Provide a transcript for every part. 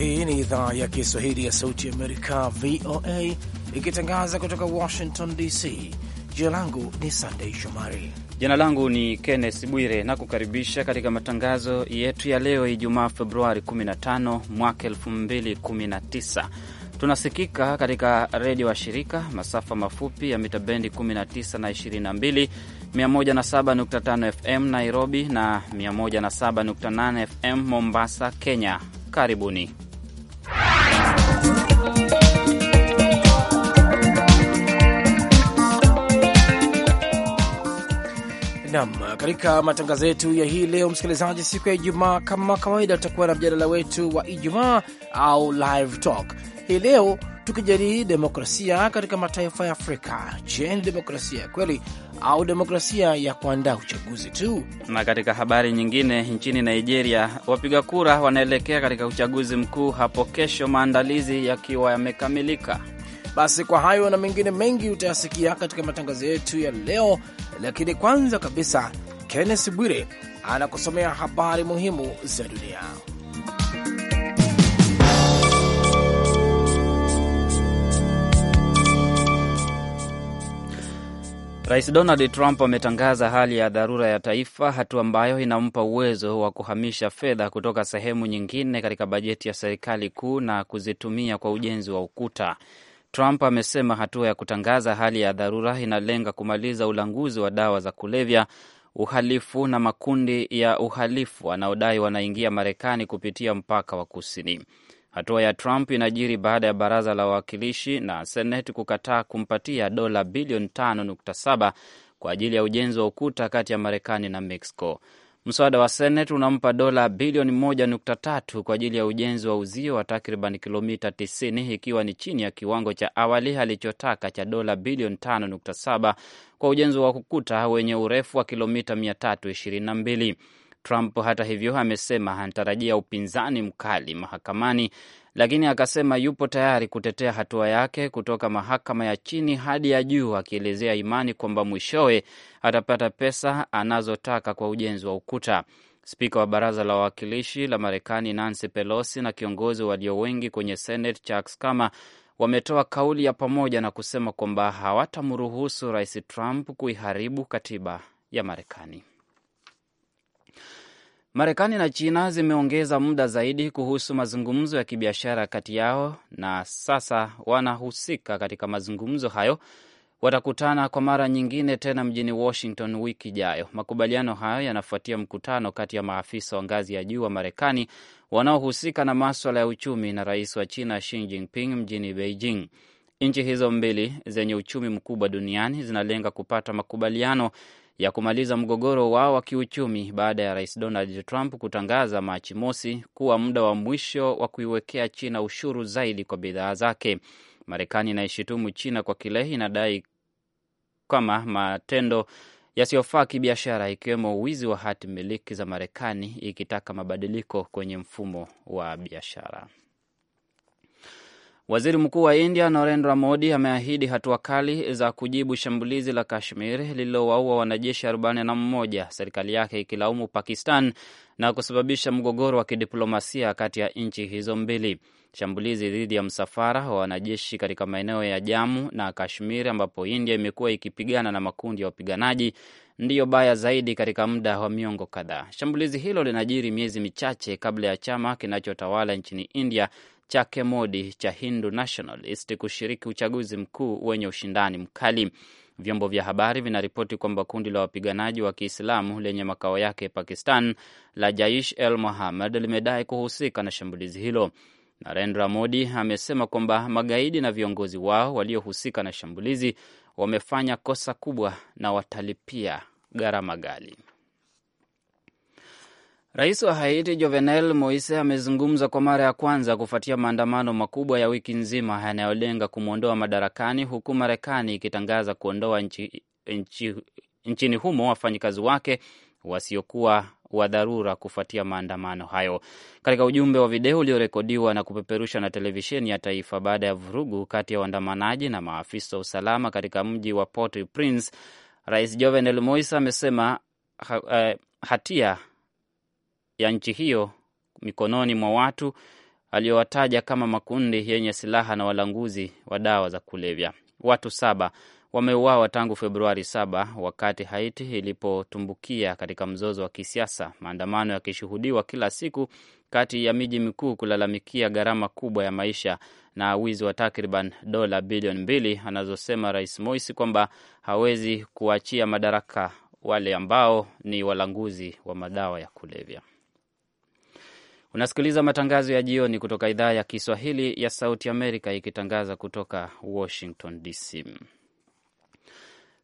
Hii ni idhaa ya Kiswahili ya Sauti ya Amerika, VOA, ikitangaza kutoka Washington DC. Jina langu ni Sandei Shomari. Jina langu ni Kenneth Bwire na kukaribisha katika matangazo yetu ya leo Ijumaa, Februari 15 mwaka 2019. Tunasikika katika redio wa shirika masafa mafupi ya mita bendi 19 na 22, 107.5 FM Nairobi na 107.8 FM Mombasa, Kenya. Karibuni. Nam, katika matangazo yetu ya hii leo, msikilizaji, siku ya Ijumaa kama kawaida, tutakuwa na mjadala wetu wa Ijumaa au live talk hii leo tukijadili demokrasia katika mataifa ya Afrika. Je, ni demokrasia ya kweli au demokrasia ya kuandaa uchaguzi tu? Na katika habari nyingine, nchini Nigeria wapiga kura wanaelekea katika uchaguzi mkuu hapo kesho, maandalizi yakiwa yamekamilika. Basi kwa hayo na mengine mengi utayasikia katika matangazo yetu ya leo, lakini kwanza kabisa Kenneth Bwire anakusomea habari muhimu za dunia. Rais Donald Trump ametangaza hali ya dharura ya taifa, hatua ambayo inampa uwezo wa kuhamisha fedha kutoka sehemu nyingine katika bajeti ya serikali kuu na kuzitumia kwa ujenzi wa ukuta. Trump amesema hatua ya kutangaza hali ya dharura inalenga kumaliza ulanguzi wa dawa za kulevya, uhalifu na makundi ya uhalifu wanaodai wanaingia Marekani kupitia mpaka wa kusini. Hatua ya Trump inajiri baada ya baraza la wawakilishi na seneti kukataa kumpatia dola bilioni 5.7 kwa ajili ya ujenzi wa ukuta kati ya Marekani na Mexico. Mswada wa Seneti unampa dola bilioni moja nukta tatu kwa ajili ya ujenzi wa uzio wa takriban kilomita tisini ikiwa ni chini ya kiwango cha awali alichotaka cha dola bilioni tano nukta saba kwa ujenzi wa ukuta wenye urefu wa kilomita mia tatu ishirini na mbili. Trump hata hivyo amesema anatarajia upinzani mkali mahakamani, lakini akasema yupo tayari kutetea hatua yake kutoka mahakama ya chini hadi ya juu, akielezea imani kwamba mwishowe atapata pesa anazotaka kwa ujenzi wa ukuta. Spika wa baraza la wawakilishi la Marekani Nancy Pelosi na kiongozi walio wengi kwenye Senate Chuck Schumer wametoa kauli ya pamoja na kusema kwamba hawatamruhusu Rais Trump kuiharibu katiba ya Marekani. Marekani na China zimeongeza muda zaidi kuhusu mazungumzo ya kibiashara kati yao, na sasa wanahusika katika mazungumzo hayo. Watakutana kwa mara nyingine tena mjini Washington wiki ijayo. Makubaliano hayo yanafuatia mkutano kati ya maafisa wa ngazi ya juu wa Marekani wanaohusika na maswala ya uchumi na rais wa China Xi Jinping mjini Beijing. Nchi hizo mbili zenye uchumi mkubwa duniani zinalenga kupata makubaliano ya kumaliza mgogoro wao wa kiuchumi baada ya rais Donald Trump kutangaza Machi mosi kuwa muda wa mwisho wa kuiwekea China ushuru zaidi kwa bidhaa zake. Marekani inaishutumu China kwa kile inadai kama matendo yasiyofaa kibiashara, ikiwemo wizi wa hati miliki za Marekani, ikitaka mabadiliko kwenye mfumo wa biashara. Waziri Mkuu wa India Narendra Modi ameahidi hatua kali za kujibu shambulizi la Kashmir lililowaua wanajeshi 41 serikali yake ikilaumu Pakistan na kusababisha mgogoro wa kidiplomasia kati ya nchi hizo mbili. Shambulizi dhidi ya msafara wa wanajeshi katika maeneo ya Jamu na Kashmir ambapo India imekuwa ikipigana na makundi ya wapiganaji ndiyo baya zaidi katika muda wa miongo kadhaa. Shambulizi hilo linajiri miezi michache kabla ya chama kinachotawala nchini India chake Modi cha Hindu Nationalist kushiriki uchaguzi mkuu wenye ushindani mkali. Vyombo vya habari vinaripoti kwamba kundi la wapiganaji wa Kiislamu lenye makao yake Pakistan la Jaish el Mohammed limedai kuhusika na shambulizi hilo. Narendra Modi amesema kwamba magaidi na viongozi wao waliohusika na shambulizi wamefanya kosa kubwa na watalipia gharama gali. Rais wa Haiti Jovenel Moise amezungumza kwa mara ya kwanza kufuatia maandamano makubwa ya wiki nzima yanayolenga kumwondoa madarakani, huku Marekani ikitangaza kuondoa nchi, nchi, nchini humo wafanyikazi wake wasiokuwa wa dharura kufuatia maandamano hayo. Katika ujumbe wa video uliorekodiwa na kupeperusha na televisheni ya taifa baada ya vurugu kati ya waandamanaji na maafisa wa usalama katika mji wa Port-au-Prince, Rais Jovenel Moise amesema ha, eh, hatia ya nchi hiyo mikononi mwa watu aliyowataja kama makundi yenye silaha na walanguzi wa dawa za kulevya. Watu saba wameuawa tangu Februari saba wakati Haiti ilipotumbukia katika mzozo wa kisiasa, maandamano yakishuhudiwa kila siku kati ya miji mikuu kulalamikia gharama kubwa ya maisha na wizi wa takriban dola bilioni mbili anazosema Rais Moisi kwamba hawezi kuachia madaraka wale ambao ni walanguzi wa madawa ya kulevya. Unasikiliza matangazo ya jioni kutoka idhaa ya Kiswahili ya Sauti Amerika ikitangaza kutoka Washington DC.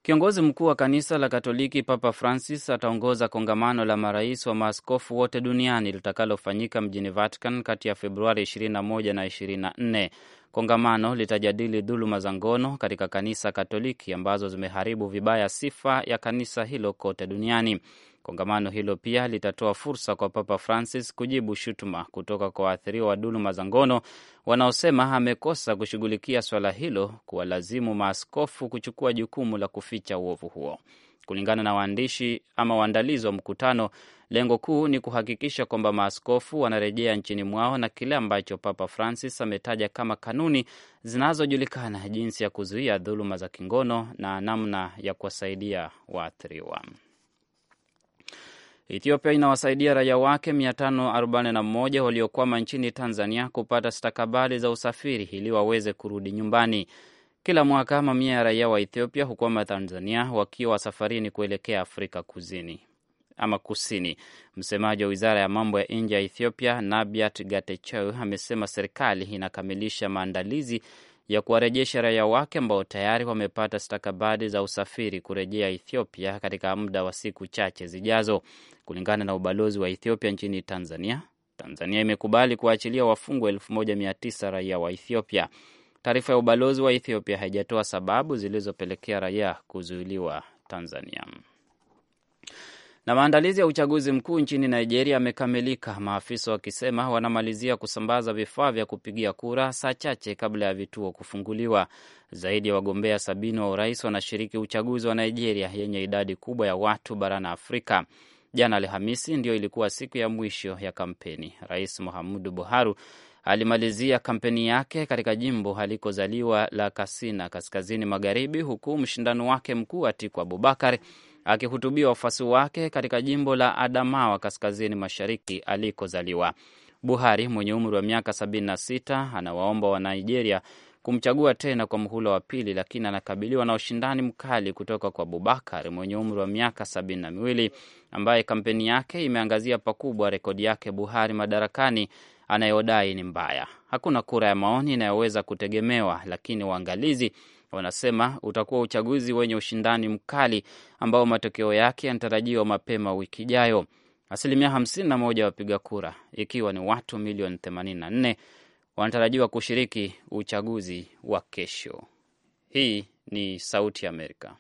Kiongozi mkuu wa kanisa la Katoliki Papa Francis ataongoza kongamano la marais wa maaskofu wote duniani litakalofanyika mjini Vatican kati ya Februari 21 na 24. Kongamano litajadili dhuluma za ngono katika kanisa Katoliki ambazo zimeharibu vibaya sifa ya kanisa hilo kote duniani. Kongamano hilo pia litatoa fursa kwa Papa Francis kujibu shutuma kutoka kwa waathiriwa wa dhuluma za ngono wanaosema amekosa kushughulikia swala hilo, kuwalazimu maaskofu kuchukua jukumu la kuficha uovu huo. Kulingana na waandishi ama waandalizi wa mkutano, lengo kuu ni kuhakikisha kwamba maaskofu wanarejea nchini mwao na kile ambacho Papa Francis ametaja kama kanuni zinazojulikana, jinsi ya kuzuia dhuluma za kingono na namna ya kuwasaidia waathiriwa. Ethiopia inawasaidia raia wake 541 waliokwama nchini Tanzania kupata stakabali za usafiri ili waweze kurudi nyumbani. Kila mwaka mamia ya raia wa Ethiopia hukwama Tanzania wakiwa safarini kuelekea Afrika kuzini ama Kusini. Msemaji wa wizara ya mambo ya nje ya Ethiopia, Nabiat Gatechow, amesema serikali inakamilisha maandalizi ya kuwarejesha raia wake ambao tayari wamepata stakabadhi za usafiri kurejea Ethiopia katika muda wa siku chache zijazo. Kulingana na ubalozi wa Ethiopia nchini Tanzania, Tanzania imekubali kuwaachilia wafungwa 1900 raia wa Ethiopia. Taarifa ya ubalozi wa Ethiopia haijatoa sababu zilizopelekea raia kuzuiliwa Tanzania. Na maandalizi ya uchaguzi mkuu nchini Nigeria yamekamilika, maafisa wakisema wanamalizia kusambaza vifaa vya kupigia kura saa chache kabla ya vituo kufunguliwa. Zaidi ya wagombea sabini wa urais wanashiriki uchaguzi wa Nigeria yenye idadi kubwa ya watu barani Afrika. Jana Alhamisi ndiyo ilikuwa siku ya mwisho ya kampeni. Rais Muhammadu Buhari alimalizia kampeni yake katika jimbo alikozaliwa la Katsina, kaskazini magharibi, huku mshindano wake mkuu Atiku Abubakar akihutubia wafuasi wake katika jimbo la Adamawa kaskazini mashariki alikozaliwa. Buhari mwenye umri wa miaka 76 anawaomba wa Nigeria kumchagua tena kwa mhula wa pili, lakini anakabiliwa na ushindani mkali kutoka kwa Abubakar mwenye umri wa miaka sabini na miwili ambaye kampeni yake imeangazia pakubwa rekodi yake Buhari madarakani anayodai ni mbaya. Hakuna kura ya maoni inayoweza kutegemewa, lakini waangalizi Wanasema utakuwa uchaguzi wenye ushindani mkali ambao matokeo yake yanatarajiwa mapema wiki ijayo. Asilimia 51 ya wapiga kura, ikiwa ni watu milioni 84, wanatarajiwa kushiriki uchaguzi wa kesho. Hii ni Sauti ya Amerika.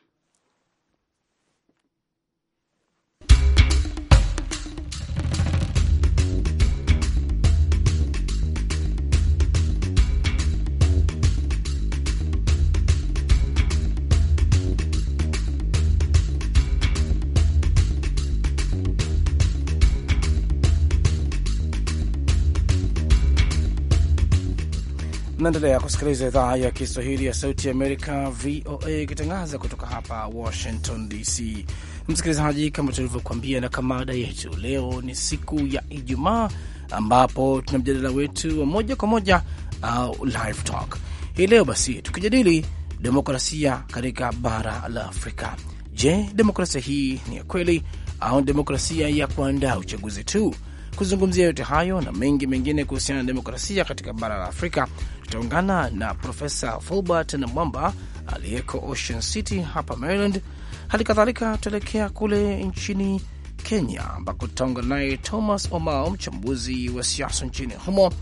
Naendelea kusikiliza idhaa ya Kiswahili ya Sauti ya Amerika, VOA, ikitangaza kutoka hapa Washington DC. Msikilizaji, kama tulivyokuambia na kama ada yetu, leo ni siku ya Ijumaa ambapo tuna mjadala wetu wa moja kwa moja au uh, live talk hii leo, basi tukijadili demokrasia katika bara la Afrika. Je, demokrasia hii ni ya kweli au demokrasia ya kuandaa uchaguzi tu? Kuzungumzia yote hayo na mengi mengine kuhusiana na demokrasia katika bara la Afrika, tutaungana na Profesa Fulbert na Mwamba aliyeko Ocean City hapa Maryland. Hali kadhalika tutaelekea kule nchini Kenya ambako tutaungana naye Thomas Omao, mchambuzi wa siasa nchini humo.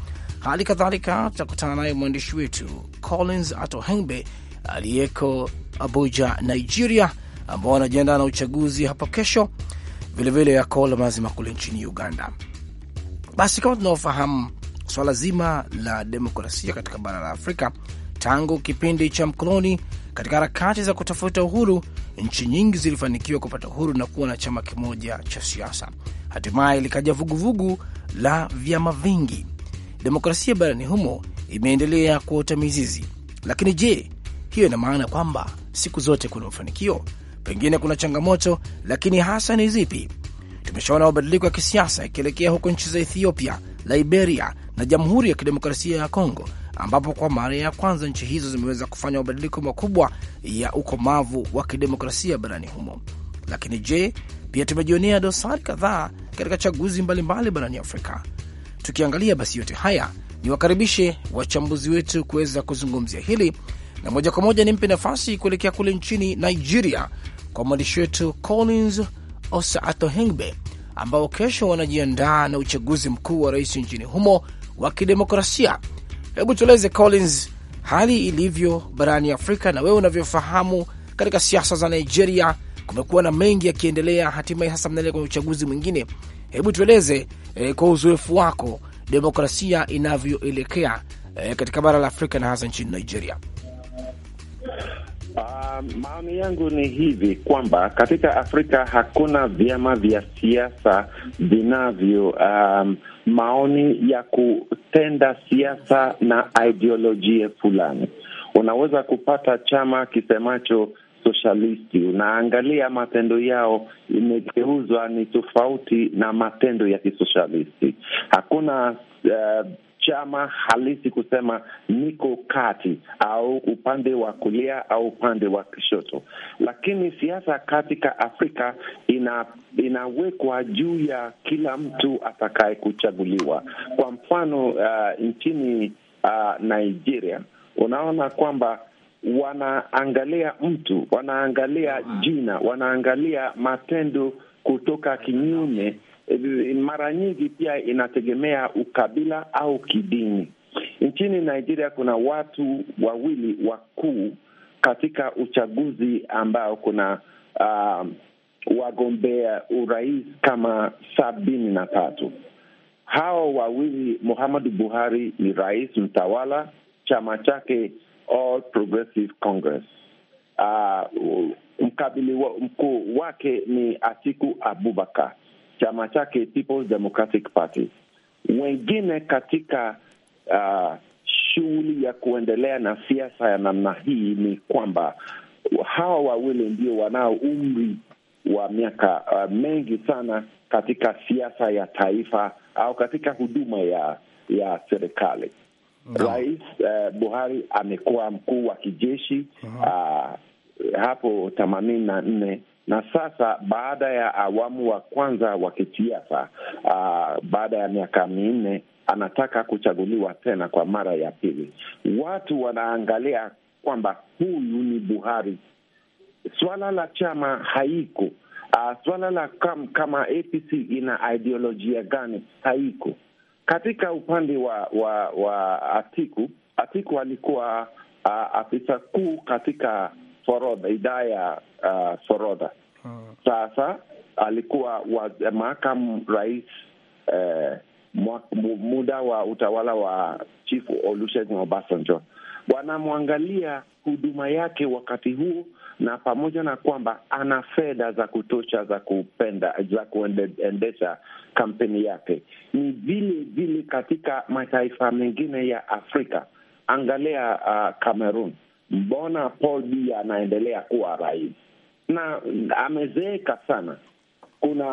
Hali kadhalika tutakutana naye mwandishi wetu Collins Atohengbe aliyeko Abuja, Nigeria, ambao wanajiandaa na uchaguzi hapo kesho, vilevile yako lamazima kule nchini Uganda. Basi kama tunaofahamu swala so zima la demokrasia katika bara la Afrika tangu kipindi cha mkoloni, katika harakati za kutafuta uhuru, nchi nyingi zilifanikiwa kupata uhuru na kuwa na chama kimoja cha siasa. Hatimaye likaja vuguvugu la vyama vingi. Demokrasia barani humo imeendelea kuota mizizi. Lakini je, hiyo ina maana kwamba siku zote kuna mafanikio? Pengine kuna changamoto, lakini hasa ni zipi? tumeshaona mabadiliko ya kisiasa yakielekea huko nchi za Ethiopia, Liberia na Jamhuri ya Kidemokrasia ya Kongo, ambapo kwa mara ya kwanza nchi hizo zimeweza kufanya mabadiliko makubwa ya ukomavu wa kidemokrasia barani humo. Lakini je, pia tumejionea dosari kadhaa katika chaguzi mbalimbali mbali barani Afrika. Tukiangalia basi yote haya, niwakaribishe wachambuzi wetu kuweza kuzungumzia hili, na moja kwa moja nimpe nafasi kuelekea kule nchini Nigeria kwa mwandishi wetu Collins Osato Hengbe ambao kesho wanajiandaa na uchaguzi mkuu wa rais nchini humo wa kidemokrasia. Hebu tueleze Collins, hali ilivyo barani Afrika na wewe unavyofahamu katika siasa za Nigeria. Kumekuwa na mengi yakiendelea, hatimaye sasa mnaelekea kwenye uchaguzi mwingine. Hebu tueleze eh, kwa uzoefu wako demokrasia inavyoelekea eh, katika bara la Afrika na hasa nchini Nigeria. Uh, maoni yangu ni hivi kwamba katika Afrika hakuna vyama vya siasa vinavyo um, maoni ya kutenda siasa na ideolojia fulani. Unaweza kupata chama kisemacho sosialisti, unaangalia matendo yao imegeuzwa ni tofauti na matendo ya kisosialisti. Hakuna uh, chama halisi kusema niko kati au upande wa kulia au upande wa kushoto, lakini siasa katika Afrika ina inawekwa juu ya kila mtu atakaye kuchaguliwa. Kwa mfano uh, nchini uh, Nigeria unaona kwamba wanaangalia mtu, wanaangalia jina, wanaangalia matendo kutoka kinyume Eh, eh, mara nyingi pia inategemea ukabila au kidini. Nchini Nigeria kuna watu wawili wakuu katika uchaguzi ambao kuna uh, wagombea urais kama sabini na tatu. hao wawili, Muhammadu Buhari ni rais mtawala, chama chake All Progressive Congress. Uh, mkabili wa, mkuu wake ni Atiku Abubakar chama chake People's Democratic Party, wengine katika uh, shughuli ya kuendelea na siasa ya namna hii ni kwamba hawa wawili ndio wanao umri wa miaka uh, mengi sana katika siasa ya taifa au katika huduma ya ya serikali. No. Rais uh, Buhari amekuwa mkuu wa kijeshi uh -huh. uh, hapo themanini na nne na sasa baada ya awamu wa kwanza wa kisiasa uh, baada ya miaka minne anataka kuchaguliwa tena kwa mara ya pili. Watu wanaangalia kwamba huyu ni Buhari. Swala la chama haiko, uh, swala la kam, kama APC ina ideolojia gani haiko. Katika upande wa wa wa Atiku, Atiku alikuwa uh, afisa kuu katika forodha, idara ya uh, Sorodha. Sasa alikuwa wa makamu rais eh, muda wa utawala wa Chief Olusegun Obasanjo. Wanamwangalia huduma yake wakati huu, na pamoja na kwamba ana fedha za kutosha za kupenda za kuendesha kampeni yake, ni vile vile katika mataifa mengine ya Afrika. Angalia uh, Cameroon, uh, mbona Paul Biya anaendelea kuwa rais? na amezeeka sana. Kuna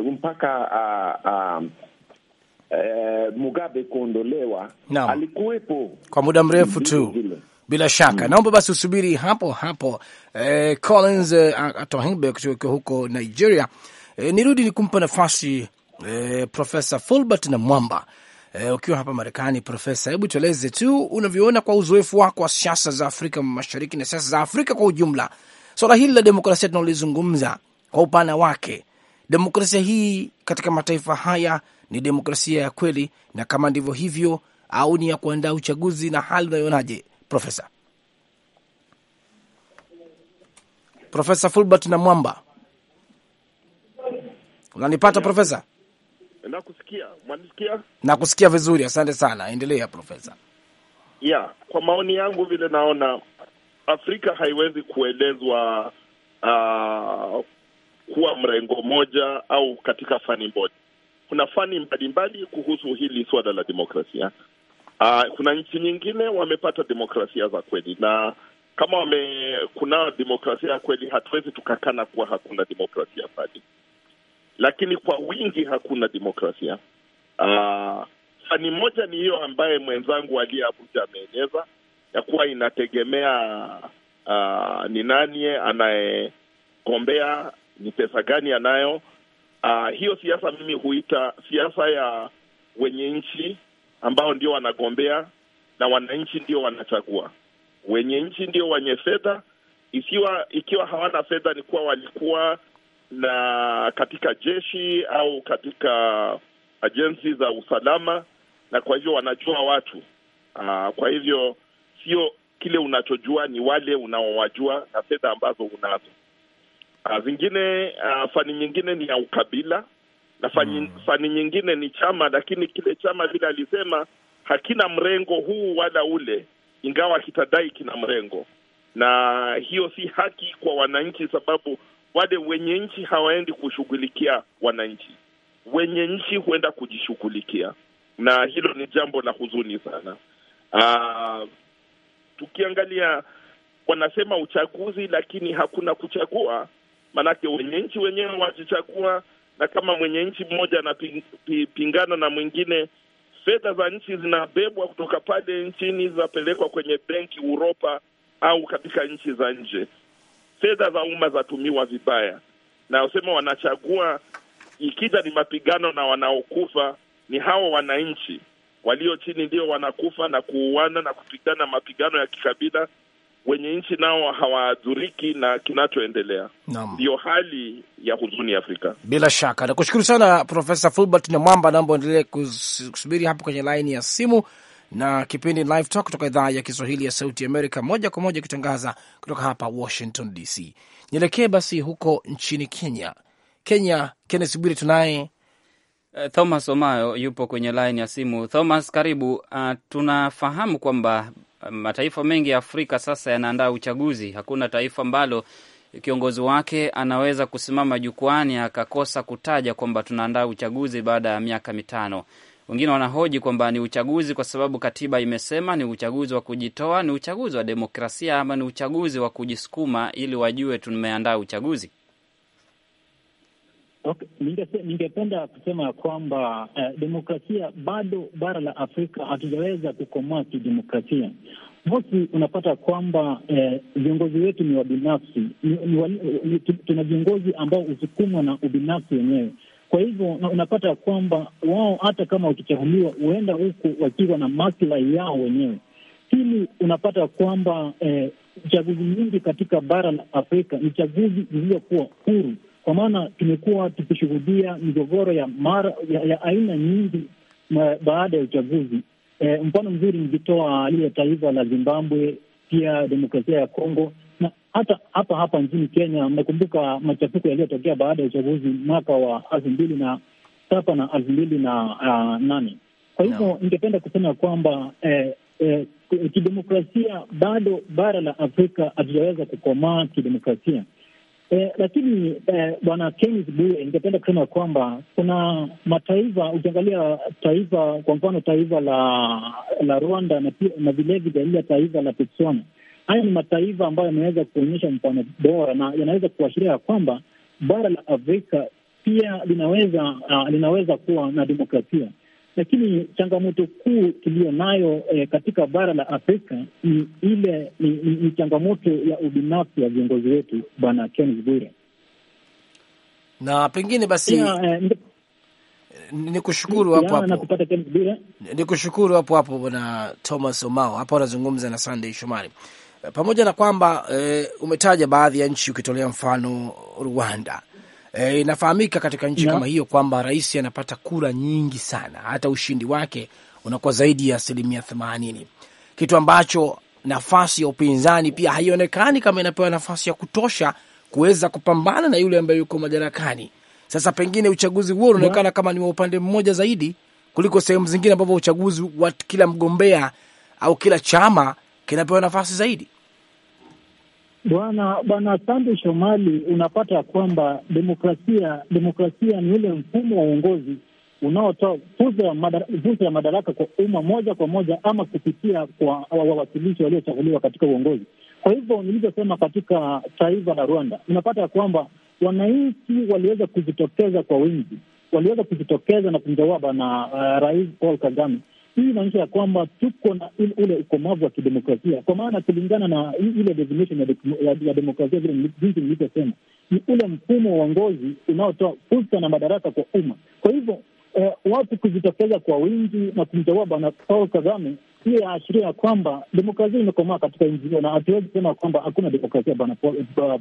uh, mpaka uh, uh, uh, Mugabe kuondolewa no. alikuwepo kwa muda mrefu tu bila shaka mm. Naomba basi usubiri hapo hapo eh, Collins eh, Atohimbe kutokiwa huko Nigeria. Eh, nirudi ni kumpa nafasi eh, Profesa Fulbert na Mwamba eh, ukiwa hapa Marekani. Profesa, hebu tueleze tu unavyoona kwa uzoefu wako wa siasa za Afrika Mashariki na siasa za Afrika kwa ujumla Swala hili la demokrasia tunalizungumza kwa upana wake. Demokrasia hii katika mataifa haya ni demokrasia ya kweli, na kama ndivyo hivyo, au ni ya kuandaa uchaguzi, na hali unayoonaje Profesa? Profesa Fulbert na Mwamba, unanipata Profesa? Nakusikia, mwanisikia? Nakusikia vizuri, asante sana. Endelea Profesa. Yeah, kwa maoni yangu vile naona Afrika haiwezi kuelezwa uh, ah, kuwa mrengo moja au katika fani moja. Kuna fani mbalimbali kuhusu hili suala la demokrasia. Uh, kuna nchi nyingine wamepata demokrasia za kweli, na kama wame kuna demokrasia ya kweli, hatuwezi tukakana kuwa hakuna demokrasia fani, lakini kwa wingi hakuna demokrasia. Uh, fani moja ni hiyo ambaye mwenzangu aliye Abuja ameeleza ya kuwa inategemea uh, ni nani anayegombea, ni pesa gani anayo. Uh, hiyo siasa mimi huita siasa ya wenye nchi ambao ndio wanagombea na wananchi ndio wanachagua. Wenye nchi ndio wenye fedha, ikiwa ikiwa hawana fedha ni kuwa walikuwa na katika jeshi au katika ajensi za usalama, na kwa hivyo wanajua watu uh, kwa hivyo sio kile unachojua, ni wale unaowajua na fedha ambazo unazo. Uh, zingine uh, fani nyingine ni ya ukabila na fani, mm. fani nyingine ni chama, lakini kile chama vile alisema hakina mrengo huu wala ule, ingawa kitadai kina mrengo, na hiyo si haki kwa wananchi, sababu wale wenye nchi hawaendi kushughulikia wananchi, wenye nchi huenda kujishughulikia, na hilo ni jambo la huzuni sana. Uh, tukiangalia wanasema uchaguzi, lakini hakuna kuchagua, maanake wenyenchi wenyewe wajichagua, na kama mwenye nchi mmoja anapingana na mwingine, fedha za nchi zinabebwa kutoka pale nchini zinapelekwa kwenye benki Uropa au katika nchi za nje. Fedha za umma zatumiwa vibaya, na wasema wanachagua. Ikija ni mapigano na wanaokufa ni hawa wananchi walio chini ndio wanakufa na kuuana na kupigana mapigano ya kikabila, wenye nchi nao hawadhuriki na kinachoendelea. Ndiyo hali ya huzuni Afrika. Bila shaka nakushukuru sana Profesa Fulbert na Mwamba, naomba uendelee kusubiri hapo kwenye laini ya simu na kipindi Live Talk kutoka idhaa ya Kiswahili ya Sauti Amerika, moja kwa moja ikitangaza kutoka hapa Washington DC. Nielekee basi huko nchini Kenya. Kenya, Kennes Bwire tunaye Eh, Thomas Omayo yupo kwenye laini ya simu. Thomas, karibu. Uh, tunafahamu kwamba eh, mataifa mengi ya Afrika sasa yanaandaa uchaguzi. Hakuna taifa ambalo kiongozi wake anaweza kusimama jukwani akakosa kutaja kwamba tunaandaa uchaguzi baada ya miaka mitano. Wengine wanahoji kwamba ni uchaguzi kwa sababu katiba imesema, ni uchaguzi wa kujitoa, ni uchaguzi wa demokrasia, ama ni uchaguzi wa kujisukuma ili wajue tumeandaa uchaguzi. Okay. Ningependa kusema ya kwamba eh, demokrasia bado bara la Afrika hatujaweza kukomaa kidemokrasia. Mosi, unapata kwamba eh, viongozi eh, wetu ni wabinafsi, tuna viongozi ambao husukumwa na ubinafsi wenyewe. Kwa hivyo unapata kwamba wao hata kama wakichaguliwa huenda huku wakiwa na maslahi yao wenyewe. Pili, unapata kwamba eh, chaguzi nyingi katika bara la Afrika ni chaguzi zilizokuwa huru kwa maana tumekuwa tukishuhudia migogoro ya mara ya, ya aina nyingi eh, baada ya uchaguzi. E, mfano mzuri nikitoa aliye taifa la Zimbabwe, pia demokrasia ya Kongo na hata hapa hapa nchini Kenya. Mnakumbuka machafuko yaliyotokea baada ya uchaguzi mwaka wa elfu mbili na saba na elfu mbili na uh, nane. Kwa hivyo no. ningependa kusema kwamba eh, eh, kidemokrasia bado bara la Afrika hatujaweza kukomaa kidemokrasia. Eh, lakini e, bwana eh, Kenneth Bwire, ningependa kusema kwamba kuna mataifa, ukiangalia taifa kwa mfano taifa la la Rwanda na na vilevile lile taifa la Botswana, haya ni mataifa ambayo yameweza kuonyesha mfano bora na yanaweza kuashiria ya kwamba bara la Afrika pia linaweza uh, linaweza kuwa na demokrasia lakini changamoto kuu tuliyo nayo eh, katika bara la Afrika ni ile ni, ni, ni changamoto ya ubinafsi ya viongozi wetu, bwana Kenneth Bwire, na pengine basi ya, eh, nikushukuru hapo hapo, nikushukuru hapo hapo bwana Thomas Omao. Hapa unazungumza na Sunday Shomari, eh, pamoja na kwamba eh, umetaja baadhi ya nchi ukitolea mfano Rwanda E, inafahamika katika nchi yeah, kama hiyo kwamba rais anapata kura nyingi sana, hata ushindi wake unakuwa zaidi ya asilimia themanini, kitu ambacho nafasi ya upinzani pia haionekani kama inapewa nafasi ya kutosha kuweza kupambana na yule ambaye yuko madarakani. Sasa pengine uchaguzi huo unaonekana yeah, kama ni wa upande mmoja zaidi kuliko sehemu zingine ambapo uchaguzi wa kila mgombea au kila chama kinapewa nafasi zaidi. Bwana Bwana Sande Shomali, unapata kwamba demokrasia demokrasia ni ule mfumo wa uongozi unaotoa fursa ya, madara, ya madaraka kwa umma moja kwa moja ama kupitia kwa wawakilishi waliochaguliwa katika uongozi. Kwa hivyo nilivyosema katika taifa la Rwanda, unapata kwamba wananchi waliweza kujitokeza kwa wingi, waliweza kujitokeza na kumjawaba na uh, Rais Paul Kagame hii inaonyesha ya kwamba tuko na ule ukomavu wa kidemokrasia, kwa maana kulingana na ile definition ya demokrasia, vile jinsi nilivyosema, ni ule mfumo wa uongozi unaotoa fursa na madaraka kwa umma. Kwa hivyo eh, watu kujitokeza kwa wingi na kumchagua bwana Paul Kagame, hiyo yaashiria ya kwamba demokrasia imekomaa katika nchi hiyo, na hatuwezi kusema kwamba hakuna demokrasia bwana eh,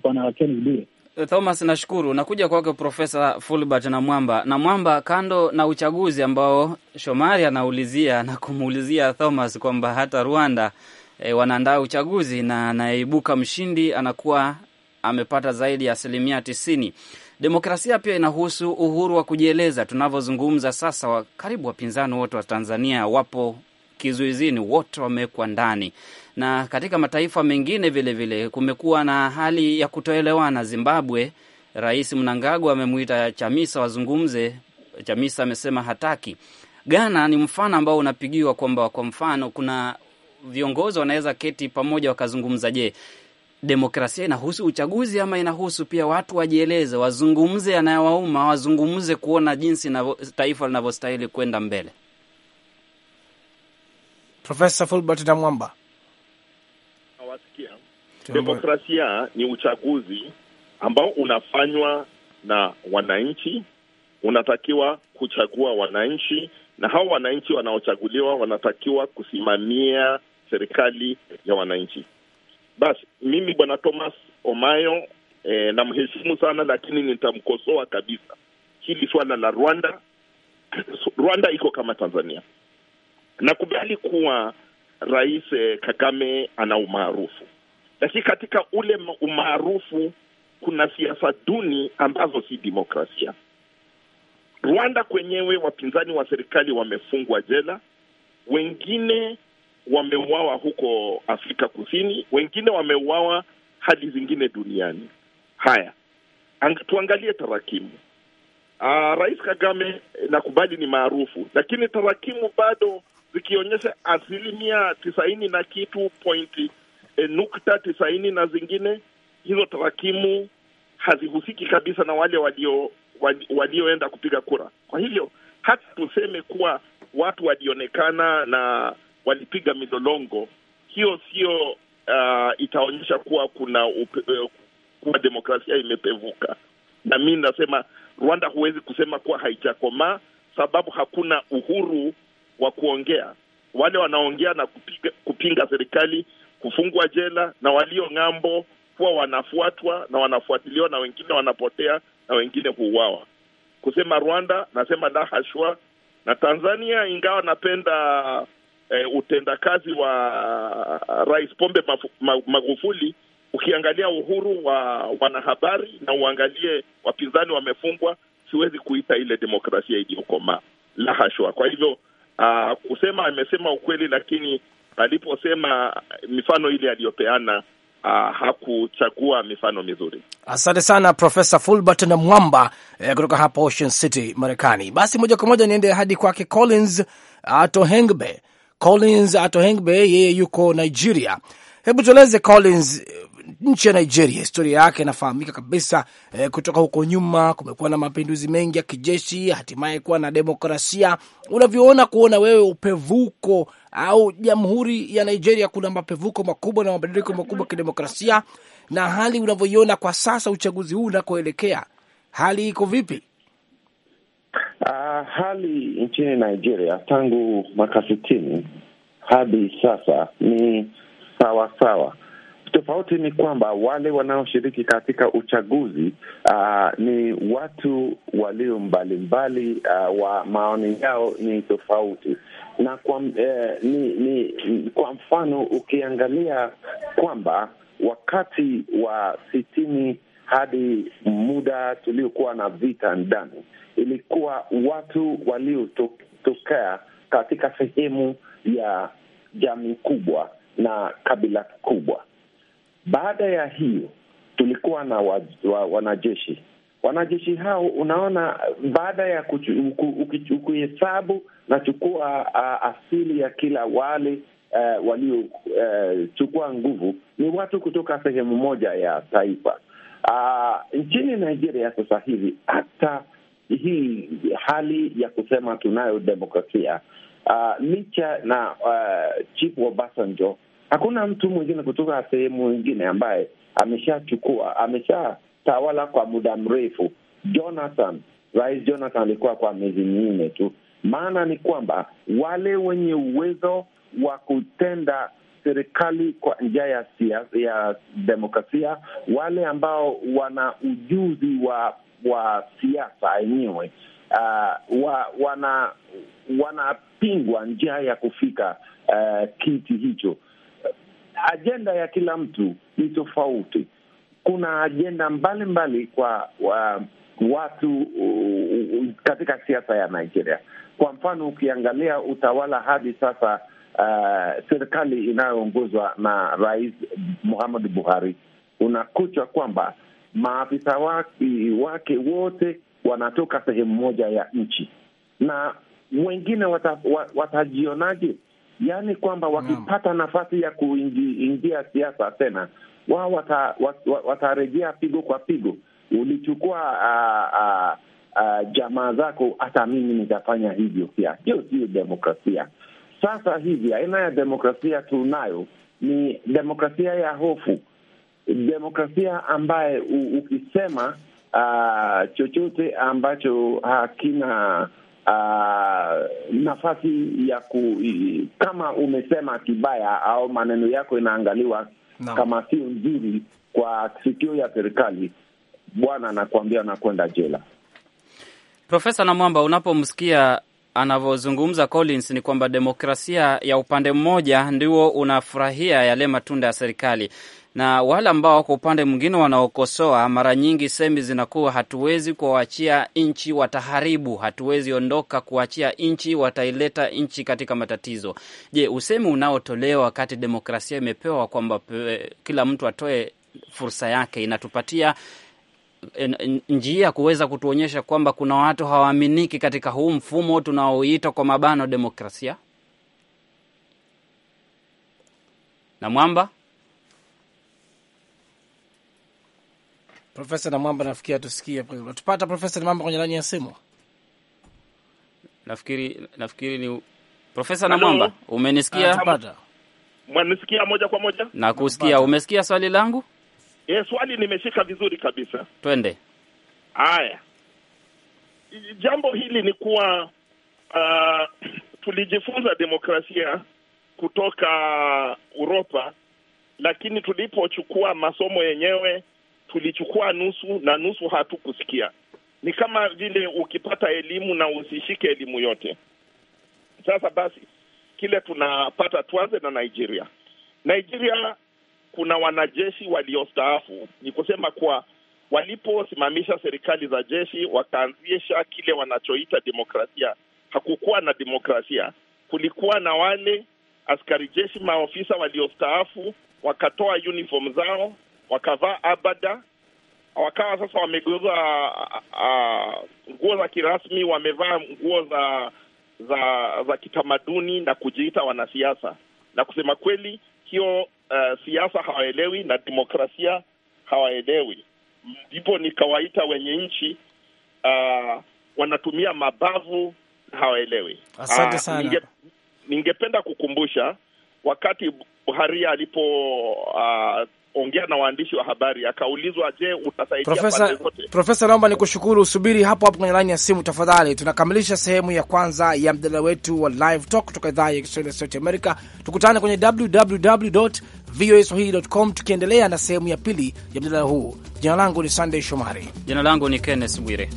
bwana Kenneth eh, Thomas, nashukuru. Nakuja kwako Profesa Fulbert na Mwamba na Mwamba, kando na uchaguzi ambao Shomari anaulizia na kumuulizia Thomas kwamba hata Rwanda e, wanaandaa uchaguzi na anayeibuka mshindi anakuwa amepata zaidi ya asilimia tisini. Demokrasia pia inahusu uhuru wa kujieleza. Tunavyozungumza sasa, wa karibu wapinzani wote wa Tanzania wapo kizuizini, wote wamewekwa ndani, na katika mataifa mengine vilevile kumekuwa na hali ya kutoelewana. Zimbabwe, Rais Mnangagwa amemwita Chamisa wazungumze, Chamisa amesema hataki. Ghana ni mfano ambao unapigiwa kwamba, kwa mfano, kuna viongozi wanaweza keti pamoja wakazungumza. Je, demokrasia inahusu uchaguzi ama inahusu pia watu wajieleze, wazungumze yanayowauma, wazungumze kuona jinsi na taifa linavyostahili kwenda mbele. Profesa Fulbert Namwamba, nawasikia. Demokrasia ni uchaguzi ambao unafanywa na wananchi, unatakiwa kuchagua wananchi, na hao wananchi wanaochaguliwa wanatakiwa kusimamia serikali ya wananchi. Basi mimi bwana Thomas Omayo eh, namheshimu sana, lakini nitamkosoa kabisa. Hili swala la Rwanda, Rwanda iko kama Tanzania. Nakubali kuwa Rais eh, Kagame ana umaarufu, lakini katika ule umaarufu kuna siasa duni ambazo si demokrasia. Rwanda kwenyewe, wapinzani wa serikali wamefungwa jela, wengine wameuawa huko Afrika Kusini, wengine wameuawa hadi zingine duniani. Haya, Ang, tuangalie tarakimu. Aa, ah, Rais Kagame eh, nakubali ni maarufu, lakini tarakimu bado zikionyesha asilimia tisaini na kitu pointi e, eh, nukta tisaini na zingine, hizo tarakimu hazihusiki kabisa na wale walio walioenda kupiga kura. Kwa hivyo hata tuseme kuwa watu walionekana na walipiga milolongo hiyo, sio uh, itaonyesha kuwa kuna upe, uh, kuwa demokrasia imepevuka. Na mi nasema Rwanda huwezi kusema kuwa haijakomaa, sababu hakuna uhuru wa kuongea. Wale wanaongea na kupiga, kupinga serikali kufungwa jela, na walio ng'ambo kuwa wanafuatwa na wanafuatiliwa, na wengine wanapotea na wengine huuawa. Kusema Rwanda nasema la hashwa, na Tanzania ingawa napenda eh, utendakazi wa uh, Rais Pombe Magufuli, ukiangalia uhuru wa wanahabari na uangalie wapinzani wamefungwa, siwezi kuita ile demokrasia iliyokomaa, la hashwa. Kwa hivyo uh, kusema amesema ukweli, lakini aliposema mifano ile aliyopeana Uh, hakuchagua mifano mizuri. Asante sana Profesa Fulbert na Mwamba eh, kutoka hapa Ocean City Marekani. Basi moja kwa moja niende hadi kwake Collins Atohengbe uh, Collins Atohengbe, yeye yuko Nigeria. Hebu tueleze Collins, nchi ya Nigeria historia yake inafahamika kabisa e, kutoka huko nyuma kumekuwa na mapinduzi mengi ya kijeshi, hatimaye kuwa na demokrasia. Unavyoona kuona wewe upevuko au jamhuri ya Nigeria, kuna mapevuko makubwa na mabadiliko makubwa kidemokrasia, na hali unavyoiona kwa sasa, uchaguzi huu unakoelekea, hali iko vipi? hali nchini Nigeria tangu mwaka sitini hadi sasa ni sawasawa sawa. Tofauti ni kwamba wale wanaoshiriki katika uchaguzi uh, ni watu walio mbalimbali uh, wa maoni yao ni tofauti na kwa, eh, ni, ni, kwa mfano ukiangalia kwamba wakati wa sitini hadi muda tuliokuwa na vita ndani, ilikuwa watu waliotokea katika sehemu ya jamii kubwa na kabila kubwa. Baada ya hiyo tulikuwa na wa, wa, wanajeshi. Wanajeshi hao, unaona, baada ya kuhesabu na chukua uh, asili ya kila wale uh, eh, waliochukua eh, uh, nguvu, ni watu kutoka sehemu moja ya taifa Uh, nchini Nigeria sasa hivi hata hii hali ya kusema tunayo demokrasia uh, licha na uh, Chief Obasanjo, hakuna mtu mwingine kutoka sehemu ingine ambaye ameshachukua ameshatawala kwa muda mrefu. Jonathan, Rais Jonathan alikuwa kwa miezi minne tu. Maana ni kwamba wale wenye uwezo wa kutenda serikali kwa njia ya, ya demokrasia, wale ambao wana ujuzi wa wa siasa yenyewe uh, wa, wana wanapingwa njia ya kufika uh, kiti hicho. Ajenda ya kila mtu ni tofauti. Kuna ajenda mbalimbali kwa wa, watu uh, katika siasa ya Nigeria. Kwa mfano, ukiangalia utawala hadi sasa uh, serikali inayoongozwa na Rais Muhammadu Buhari, unakuchwa kwamba maafisa wake, wake wote wanatoka sehemu moja ya nchi na wengine wata, watajionaje? Yaani kwamba wakipata nafasi ya kuingia siasa tena wao watarejea wata pigo kwa pigo. Ulichukua uh, uh, uh, jamaa zako, hata mimi nitafanya hivyo pia. Hiyo siyo demokrasia sasa hivi aina ya demokrasia tunayo ni demokrasia ya hofu, demokrasia ambaye ukisema uh, chochote ambacho hakina Uh, nafasi ya ku, kama umesema kibaya au maneno yako inaangaliwa no. kama sio nzuri kwa sikio ya serikali, bwana anakuambia anakwenda jela. Profesa Namwamba, unapomsikia anavyozungumza Collins ni kwamba demokrasia ya upande mmoja ndio unafurahia yale matunda ya serikali, na wale ambao kwa upande mwingine wanaokosoa, mara nyingi semi zinakuwa hatuwezi kuwaachia nchi wataharibu, hatuwezi ondoka kuwaachia nchi, wataileta nchi katika matatizo. Je, usemi unaotolewa wakati demokrasia imepewa kwamba kila mtu atoe fursa yake inatupatia njia kuweza kutuonyesha kwamba kuna watu hawaaminiki katika huu mfumo tunaoita kwa mabano demokrasia? Namwamba, Profesa Namwamba, nafikia tusikie, tupata Profesa Namwamba kwenye laini ya simu. Nafikiri nafikiri ni Profesa Namwamba, umenisikia? Ah, Mwanisikia moja kwa moja? Nakusikia. Umesikia swali langu? Ye, eh, swali nimeshika vizuri kabisa. Twende haya. Jambo hili ni kuwa uh, tulijifunza demokrasia kutoka Uropa, lakini tulipochukua masomo yenyewe tulichukua nusu na nusu hatukusikia. Ni kama vile ukipata elimu na usishike elimu yote. Sasa basi, kile tunapata, tuanze na Nigeria. Nigeria kuna wanajeshi waliostaafu. Ni kusema kuwa waliposimamisha serikali za jeshi wakaanzisha kile wanachoita demokrasia, hakukuwa na demokrasia. Kulikuwa na wale askari jeshi maofisa waliostaafu, wakatoa uniform zao, wakavaa abada, wakawa sasa wamegeuza nguo za kirasmi, wamevaa nguo za za za kitamaduni na kujiita wanasiasa. Na kusema kweli, hiyo uh, siasa hawaelewi na demokrasia hawaelewi, ndipo nikawaita wenye nchi uh, wanatumia mabavu na hawaelewi. Asante ah, sana. Uh, ninge, ningependa kukumbusha wakati Buharia alipo uh, ongea na waandishi wa habari akaulizwa, je, utasaidia pande zote? Profesa, naomba nikushukuru, usubiri hapo hapo kwenye laini ya simu tafadhali. Tunakamilisha sehemu ya kwanza ya mjadala wetu wa live talk kutoka idhaa ya Kiswahili ya Sauti Amerika. Tukutane kwenye www.voaswahili.com tukiendelea na sehemu ya pili ya mjadala huu. Jina langu ni Sunday Shomari. Jina langu ni Kenneth Bwire.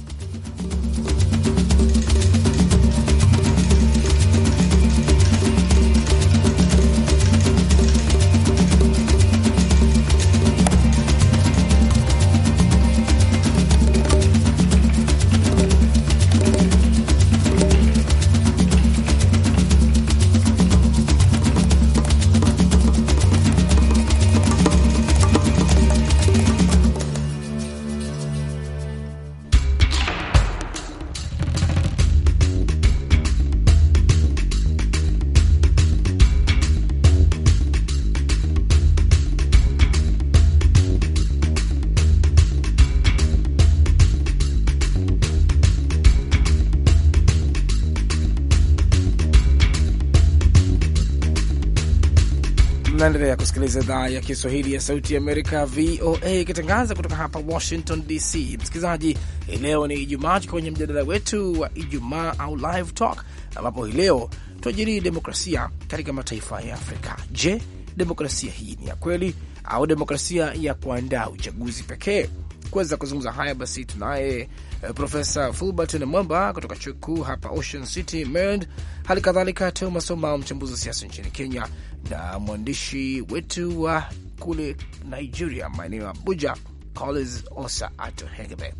Unaendelea kusikiliza idhaa ya Kiswahili ya Sauti ya Amerika, VOA, ikitangaza kutoka hapa Washington DC. Msikilizaji, hii leo ni Ijumaa, tuko kwenye mjadala wetu wa Ijumaa au Live Talk, ambapo hii leo tuajirii demokrasia katika mataifa ya Afrika. Je, demokrasia hii ni ya kweli au demokrasia ya kuandaa uchaguzi pekee? kuweza kuzungumza haya, basi tunaye uh, eh, Profesa Fulbert na kutoka chuo kikuu hapa Ocean City Maryland, hali kadhalika Thomas Omao, mchambuzi wa siasa nchini Kenya, na mwandishi wetu wa uh, kule Nigeria, maeneo ya Abuja, Collins Osa Ato Hegebe.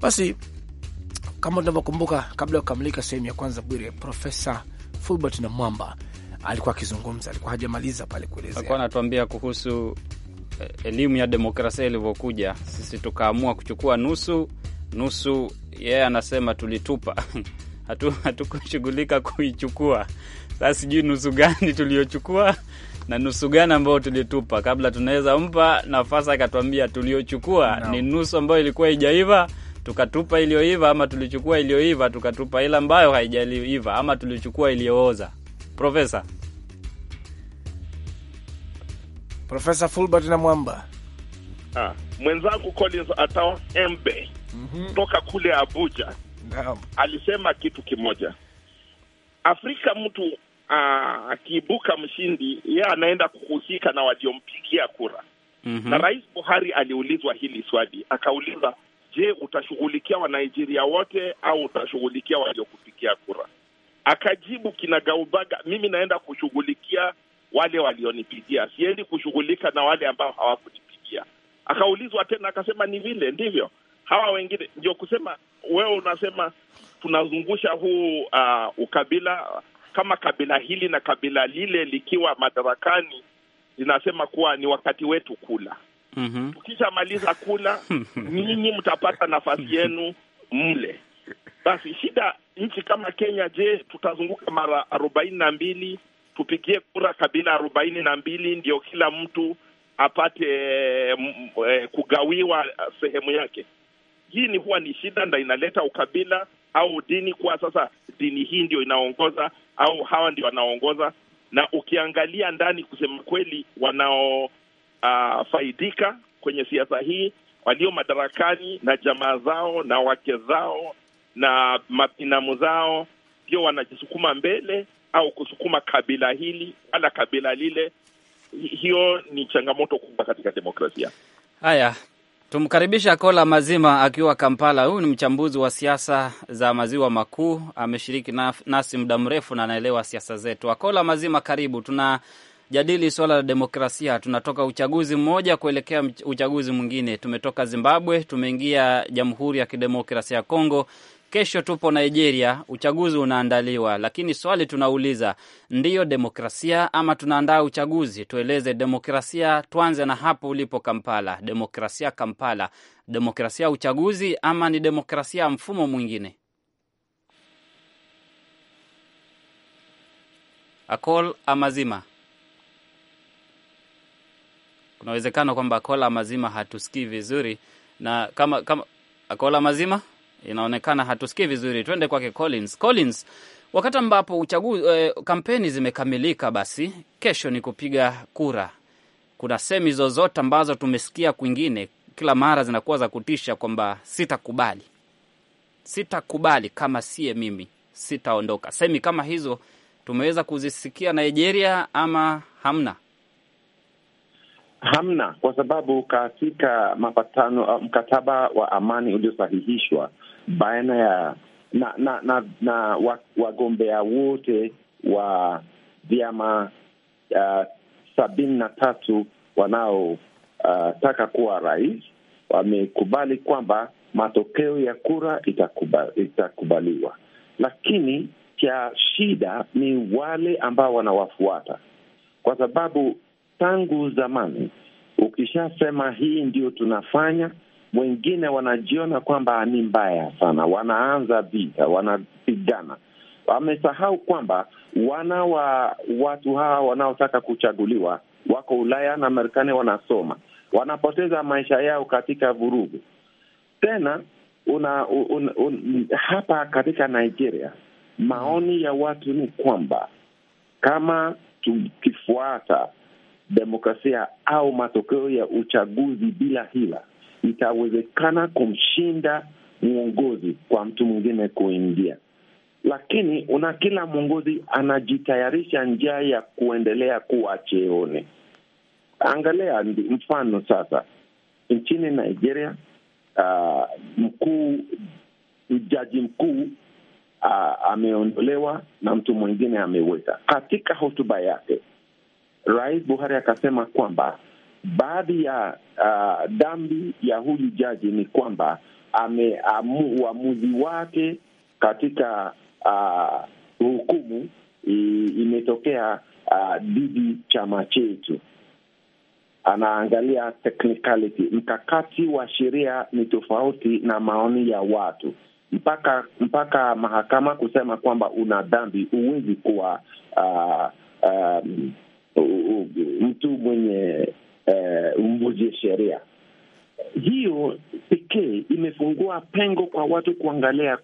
Basi kama tunavyokumbuka, kabla ya kukamilika sehemu ya kwanza, Bwire, Profesa Fulbert na alikuwa akizungumza, alikuwa hajamaliza pale kuelezea, alikuwa anatuambia kuhusu Eh, elimu ya demokrasia ilivyokuja, sisi tukaamua kuchukua nusu nusu. Yeye yeah, anasema tulitupa hatukushughulika hatu kuichukua. Sasa sijui nusu gani tuliochukua na nusu gani ambayo tulitupa. Kabla tunaweza mpa nafasi akatuambia tuliochukua no. ni nusu ambayo ilikuwa haijaiva tukatupa iliyoiva, ama tulichukua iliyoiva tukatupa ile ambayo haijaiva, ama tulichukua iliyooza. Profesa Profesa Fulbert na Mwamba. Ah, mwenzangu Collins Atao Embe mm -hmm. toka kule Abuja Naam. alisema kitu kimoja. Afrika mtu ah, akiibuka mshindi, yeye anaenda kuhusika na waliompigia kura mm -hmm. na Rais Buhari aliulizwa hili swali, akauliza je, utashughulikia Wanaijeria wote au utashughulikia waliokupigia kura? Akajibu kinagaubaga, mimi naenda kushughulikia wale walionipigia, siendi kushughulika na wale ambao hawakunipigia. Akaulizwa tena akasema ni vile ndivyo hawa wengine. Ndio kusema wewe unasema tunazungusha huu uh, ukabila kama kabila hili na kabila lile likiwa madarakani linasema kuwa ni wakati wetu kula. Mm-hmm. Tukishamaliza kula nyinyi mtapata nafasi yenu mle. Basi shida nchi kama Kenya, je, tutazunguka mara arobaini na mbili tupigie kura kabila arobaini na mbili ndio kila mtu apate e, kugawiwa sehemu yake. Hii ni huwa ni shida na inaleta ukabila au dini kuwa sasa dini hii ndio inaongoza au hawa ndio wanaongoza. Na ukiangalia ndani, kusema kweli, wanaofaidika ah, uh, kwenye siasa hii walio madarakani na jamaa zao na wake zao na mapinamu zao ndio wanajisukuma mbele au kusukuma kabila hili wala kabila lile. Hiyo ni changamoto kubwa katika demokrasia. Haya, tumkaribisha Kola Mazima akiwa Kampala. Huyu ni mchambuzi wa siasa za maziwa makuu, ameshiriki nasi muda mrefu na anaelewa siasa zetu. Akola Mazima, karibu. Tunajadili swala la demokrasia, tunatoka uchaguzi mmoja kuelekea uchaguzi mwingine. Tumetoka Zimbabwe, tumeingia Jamhuri ya Kidemokrasia ya Kongo. Kesho tupo Nigeria, uchaguzi unaandaliwa, lakini swali tunauliza, ndiyo demokrasia ama tunaandaa uchaguzi? Tueleze demokrasia. Tuanze na hapo ulipo Kampala, demokrasia Kampala, demokrasia uchaguzi ama ni demokrasia mfumo mwingine? Akol Amazima, kuna uwezekano kwamba Akol Amazima hatusikii vizuri, na kama kama Akola mazima inaonekana hatusikii vizuri. Twende kwake Collins. Collins, wakati ambapo uchaguzi eh, kampeni zimekamilika, basi kesho ni kupiga kura. Kuna semi zozote ambazo tumesikia kwingine, kila mara zinakuwa za kutisha kwamba sitakubali, sitakubali kama siye mimi, sitaondoka. Semi kama hizo tumeweza kuzisikia Nigeria ama hamna? Hamna, kwa sababu katika mapatano, mkataba wa amani uliosahihishwa baina ya na na na, na wagombea wote wa vyama uh, sabini na tatu wanaotaka uh, kuwa rais wamekubali kwamba matokeo ya kura itakubali, itakubaliwa, lakini cha shida ni wale ambao wanawafuata, kwa sababu tangu zamani ukishasema hii ndio tunafanya wengine wanajiona kwamba ni mbaya sana, wanaanza vita, wanapigana. Wamesahau kwamba wana wa watu hawa wanaotaka kuchaguliwa wako Ulaya na Marekani, wanasoma, wanapoteza maisha yao katika vurugu. Tena una, un, un, hapa katika Nigeria maoni ya watu ni kwamba kama tukifuata demokrasia au matokeo ya uchaguzi bila hila itawezekana kumshinda mwongozi kwa mtu mwingine kuingia, lakini una kila mwongozi anajitayarisha njia ya kuendelea kuwa cheoni. Angalia mfano sasa nchini Nigeria, uh, mkuu jaji mkuu uh, ameondolewa na mtu mwingine ameweka. Katika hotuba yake Rais Buhari akasema kwamba baadhi ya uh, dhambi ya huyu jaji ni kwamba ameamu uamuzi wake katika uh, hukumu i, imetokea ah, dhidi chama chetu. Anaangalia technicality, mkakati wa sheria ni tofauti na maoni ya watu mpaka mpaka mahakama kusema kwamba una dhambi, huwezi kuwa uh, um, mtu mwenye uvunguzi eh, uh, sheria hiyo pekee imefungua pengo kwa watu kuangalia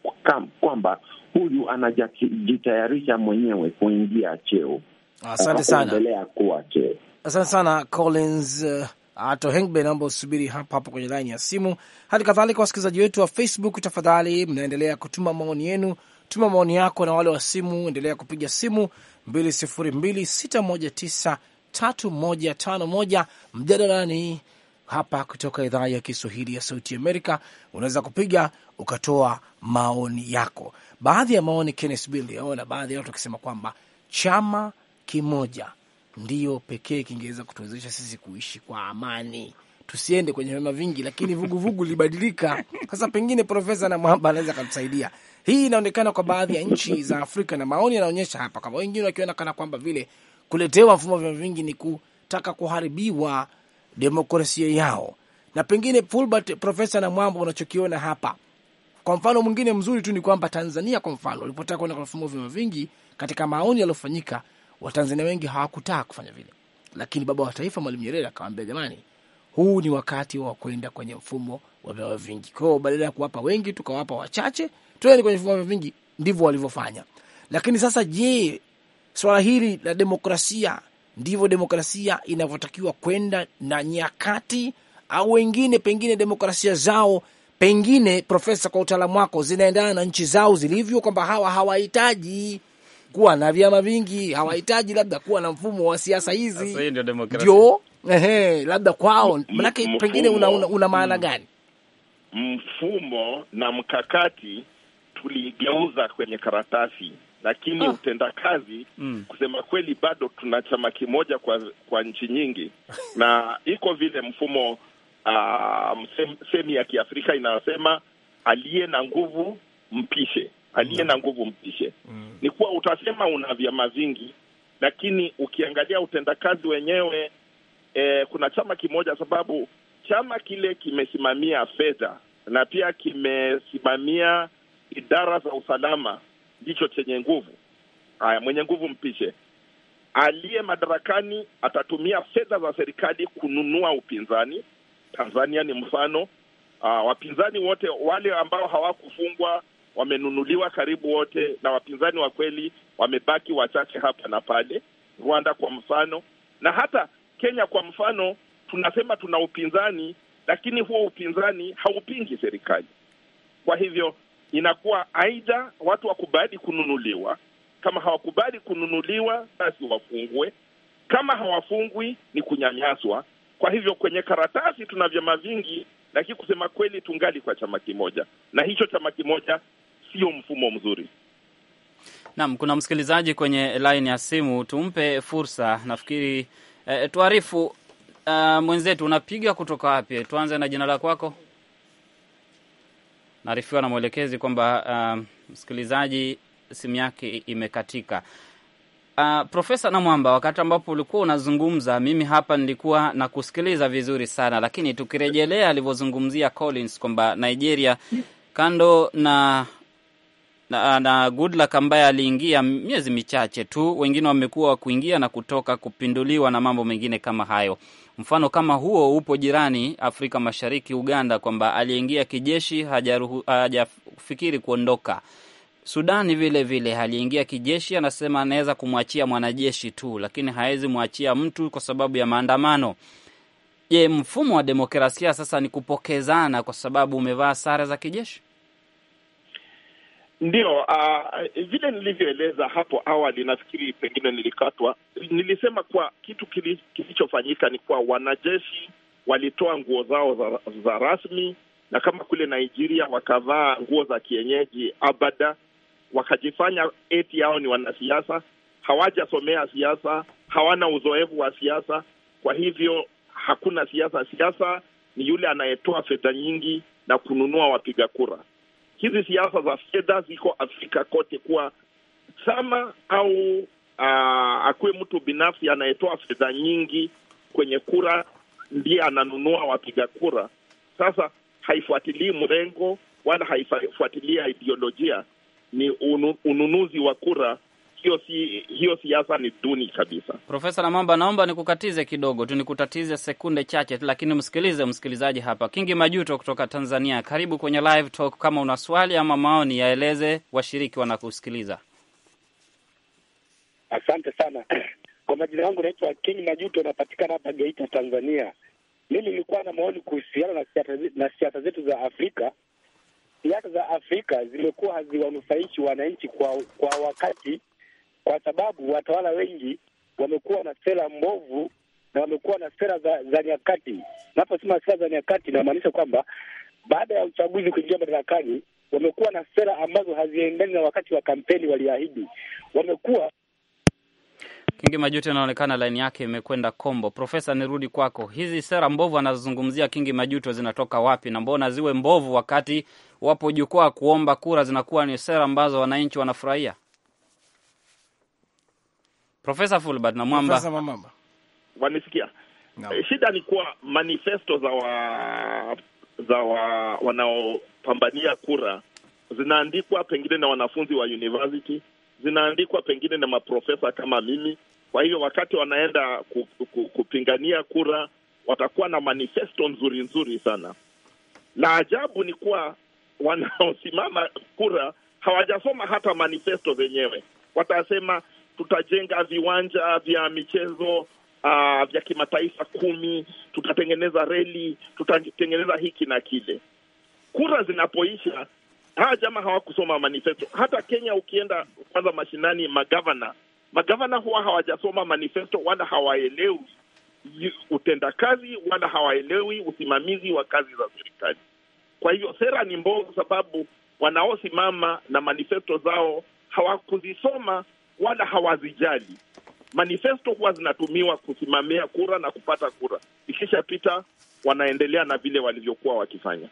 kwamba huyu anajitayarisha mwenyewe kuingia cheo. Asante sana, endelea kuwa cheo. Asante sana Collins eh, Ato Hengbe, naomba usubiri hapa hapa kwenye laini ya simu. Hali kadhalika wasikilizaji wetu wa Facebook, tafadhali mnaendelea kutuma maoni yenu. Tuma maoni yako, na wale wa simu endelea kupiga simu 202619 tatu moja tano moja mjadalani hapa kutoka idhaa ya Kiswahili ya Sauti Amerika. Unaweza kupiga ukatoa maoni yako. Baadhi ya maoni Kennes Bill yaona baadhi ya watu wakisema kwamba chama kimoja ndiyo pekee kingeweza kutuwezesha sisi kuishi kwa amani, tusiende kwenye vyama vingi, lakini vuguvugu libadilika sasa. Pengine Profesa na Mwamba anaweza akatusaidia. Hii inaonekana kwa baadhi ya nchi za Afrika na maoni yanaonyesha hapa, kama wengine wakiona kana kwamba vile kuletewa mfumo wa vyama vingi ni kutaka kuharibiwa demokrasia yao. Na pengine Fulbert, Profesa na Mwambo, unachokiona hapa kwa mfano mwingine mzuri tu ni kwamba Tanzania kwa mfano ulipotaka kwenda kwa mfumo wa vyama vingi, katika maoni yaliyofanyika, Watanzania wengi hawakutaka kufanya vile, lakini baba wa taifa Mwalimu Nyerere akawaambia, jamani, huu ni wakati wa kwenda kwenye mfumo wa vyama vingi. Kwa hiyo badala ya kuwapa wengi tukawapa wachache, tuende kwenye mfumo wa vyama vingi. Ndivyo walivyofanya. Lakini sasa, je, swala hili la demokrasia, ndivyo demokrasia inavyotakiwa kwenda na nyakati, au wengine pengine demokrasia zao pengine, Profesa, kwa utaalamu wako zinaendana na nchi zao zilivyo, kwamba hawa hawahitaji kuwa na vyama vingi, hawahitaji labda kuwa na mfumo wa siasa hizi, ndio ehe, labda kwao, manake pengine una, una, una maana gani? Mfumo na mkakati tuligeuza kwenye karatasi lakini oh, utendakazi mm, kusema kweli bado tuna chama kimoja kwa kwa nchi nyingi na iko vile mfumo uh, semi ya Kiafrika inasema aliye na nguvu mpishe, aliye mm. na nguvu mpishe. Mm, ni kuwa utasema una vyama vingi, lakini ukiangalia utendakazi wenyewe eh, kuna chama kimoja, sababu chama kile kimesimamia fedha na pia kimesimamia idara za usalama ndicho chenye nguvu. Haya, mwenye nguvu mpishe. Aliye madarakani atatumia fedha za serikali kununua upinzani. Tanzania ni mfano. Aa, ah, wapinzani wote wale ambao hawakufungwa wamenunuliwa karibu wote, na wapinzani wa kweli wamebaki wachache hapa na pale. Rwanda kwa mfano, na hata Kenya kwa mfano, tunasema tuna upinzani, lakini huo upinzani haupingi serikali. Kwa hivyo inakuwa aidha watu wakubali kununuliwa. Kama hawakubali kununuliwa, basi wafungwe. Kama hawafungwi, ni kunyanyaswa. Kwa hivyo, kwenye karatasi tuna vyama vingi, lakini kusema kweli, tungali kwa chama kimoja, na hicho chama kimoja sio mfumo mzuri. Naam, kuna msikilizaji kwenye laini ya simu, tumpe fursa. Nafikiri eh, tuarifu eh, mwenzetu unapiga kutoka wapi? Tuanze na jina la kwako naarifiwa na mwelekezi kwamba uh, msikilizaji simu yake imekatika. Uh, Profesa Namwamba, wakati ambapo ulikuwa unazungumza, mimi hapa nilikuwa na kusikiliza vizuri sana, lakini tukirejelea alivyozungumzia Collins kwamba Nigeria kando na na, na Goodluck ambaye aliingia miezi michache tu, wengine wamekuwa kuingia na kutoka, kupinduliwa na mambo mengine kama hayo. Mfano kama huo upo jirani Afrika Mashariki, Uganda, kwamba aliingia kijeshi hajafikiri kuondoka. Sudani vile vile aliingia kijeshi, anasema anaweza kumwachia mwanajeshi tu, lakini hawezi mwachia mtu kwa sababu ya maandamano. Je, mfumo wa demokrasia sasa ni kupokezana kwa sababu umevaa sare za kijeshi? ndio uh, vile nilivyoeleza hapo awali, nafikiri pengine nilikatwa. Nilisema kwa kitu kilichofanyika ni kwa wanajeshi walitoa nguo zao za, za rasmi, na kama kule Nigeria wakavaa nguo za kienyeji abada, wakajifanya eti yao ni wanasiasa. Hawajasomea siasa, hawana uzoefu wa siasa, kwa hivyo hakuna siasa. Siasa ni yule anayetoa fedha nyingi na kununua wapiga kura hizi siasa za fedha ziko Afrika kote, kuwa chama au uh, akuwe mtu binafsi anayetoa fedha nyingi kwenye kura ndiye ananunua wapiga kura. Sasa haifuatilii mrengo wala haifuatilii ideolojia, ni ununuzi wa kura hiyo si hiyo siasa ni duni kabisa. Profesa namamba naomba nikukatize kidogo tu, nikutatize sekunde chache, lakini msikilize msikilizaji hapa. Kingi Majuto kutoka Tanzania, karibu kwenye live talk. Kama una swali ama maoni, yaeleze, washiriki wanakusikiliza. Asante sana kwa majina yangu naitwa Kingi Majuto, napatikana hapa Geita, Tanzania. Mimi nilikuwa na maoni kuhusiana na siasa na siasa zetu za Afrika. Siasa za Afrika zimekuwa haziwanufaishi wananchi kwa kwa wakati kwa sababu watawala wengi wamekuwa na sera mbovu na wamekuwa na sera za, za nyakati. Naposema sera za nyakati, namaanisha kwamba baada ya uchaguzi kuingia madarakani, wamekuwa na sera ambazo haziendani na wakati wa kampeni waliahidi. Wamekuwa Kingi Majuto, anaonekana laini yake imekwenda kombo. Profesa, nirudi kwako. Hizi sera mbovu anazozungumzia Kingi Majuto zinatoka wapi, na mbona ziwe mbovu wakati wapo jukwaa kuomba kura? Zinakuwa ni sera ambazo wananchi wanafurahia. Profesa Fulbert na Mwamba wanisikia. No. Eh, shida ni kuwa manifesto za wa, za wa, wanaopambania kura zinaandikwa pengine na wanafunzi wa university, zinaandikwa pengine na maprofesa kama mimi. Kwa hiyo wakati wanaenda ku, ku, kupingania kura watakuwa na manifesto nzuri nzuri sana. La ajabu ni kuwa wanaosimama kura hawajasoma hata manifesto zenyewe. Watasema tutajenga viwanja vya michezo uh, vya kimataifa kumi, tutatengeneza reli, tutatengeneza hiki na kile. Kura zinapoisha, hawa jamaa hawakusoma manifesto. Hata Kenya ukienda kwanza mashinani, magavana magavana huwa hawajasoma manifesto wala hawaelewi utendakazi wala hawaelewi usimamizi wa kazi za serikali. Kwa hivyo sera ni mbovu, sababu wanaosimama na manifesto zao hawakuzisoma wala hawazijali. Manifesto huwa zinatumiwa kusimamia kura na kupata kura, ikishapita wanaendelea na vile walivyokuwa wakifanya.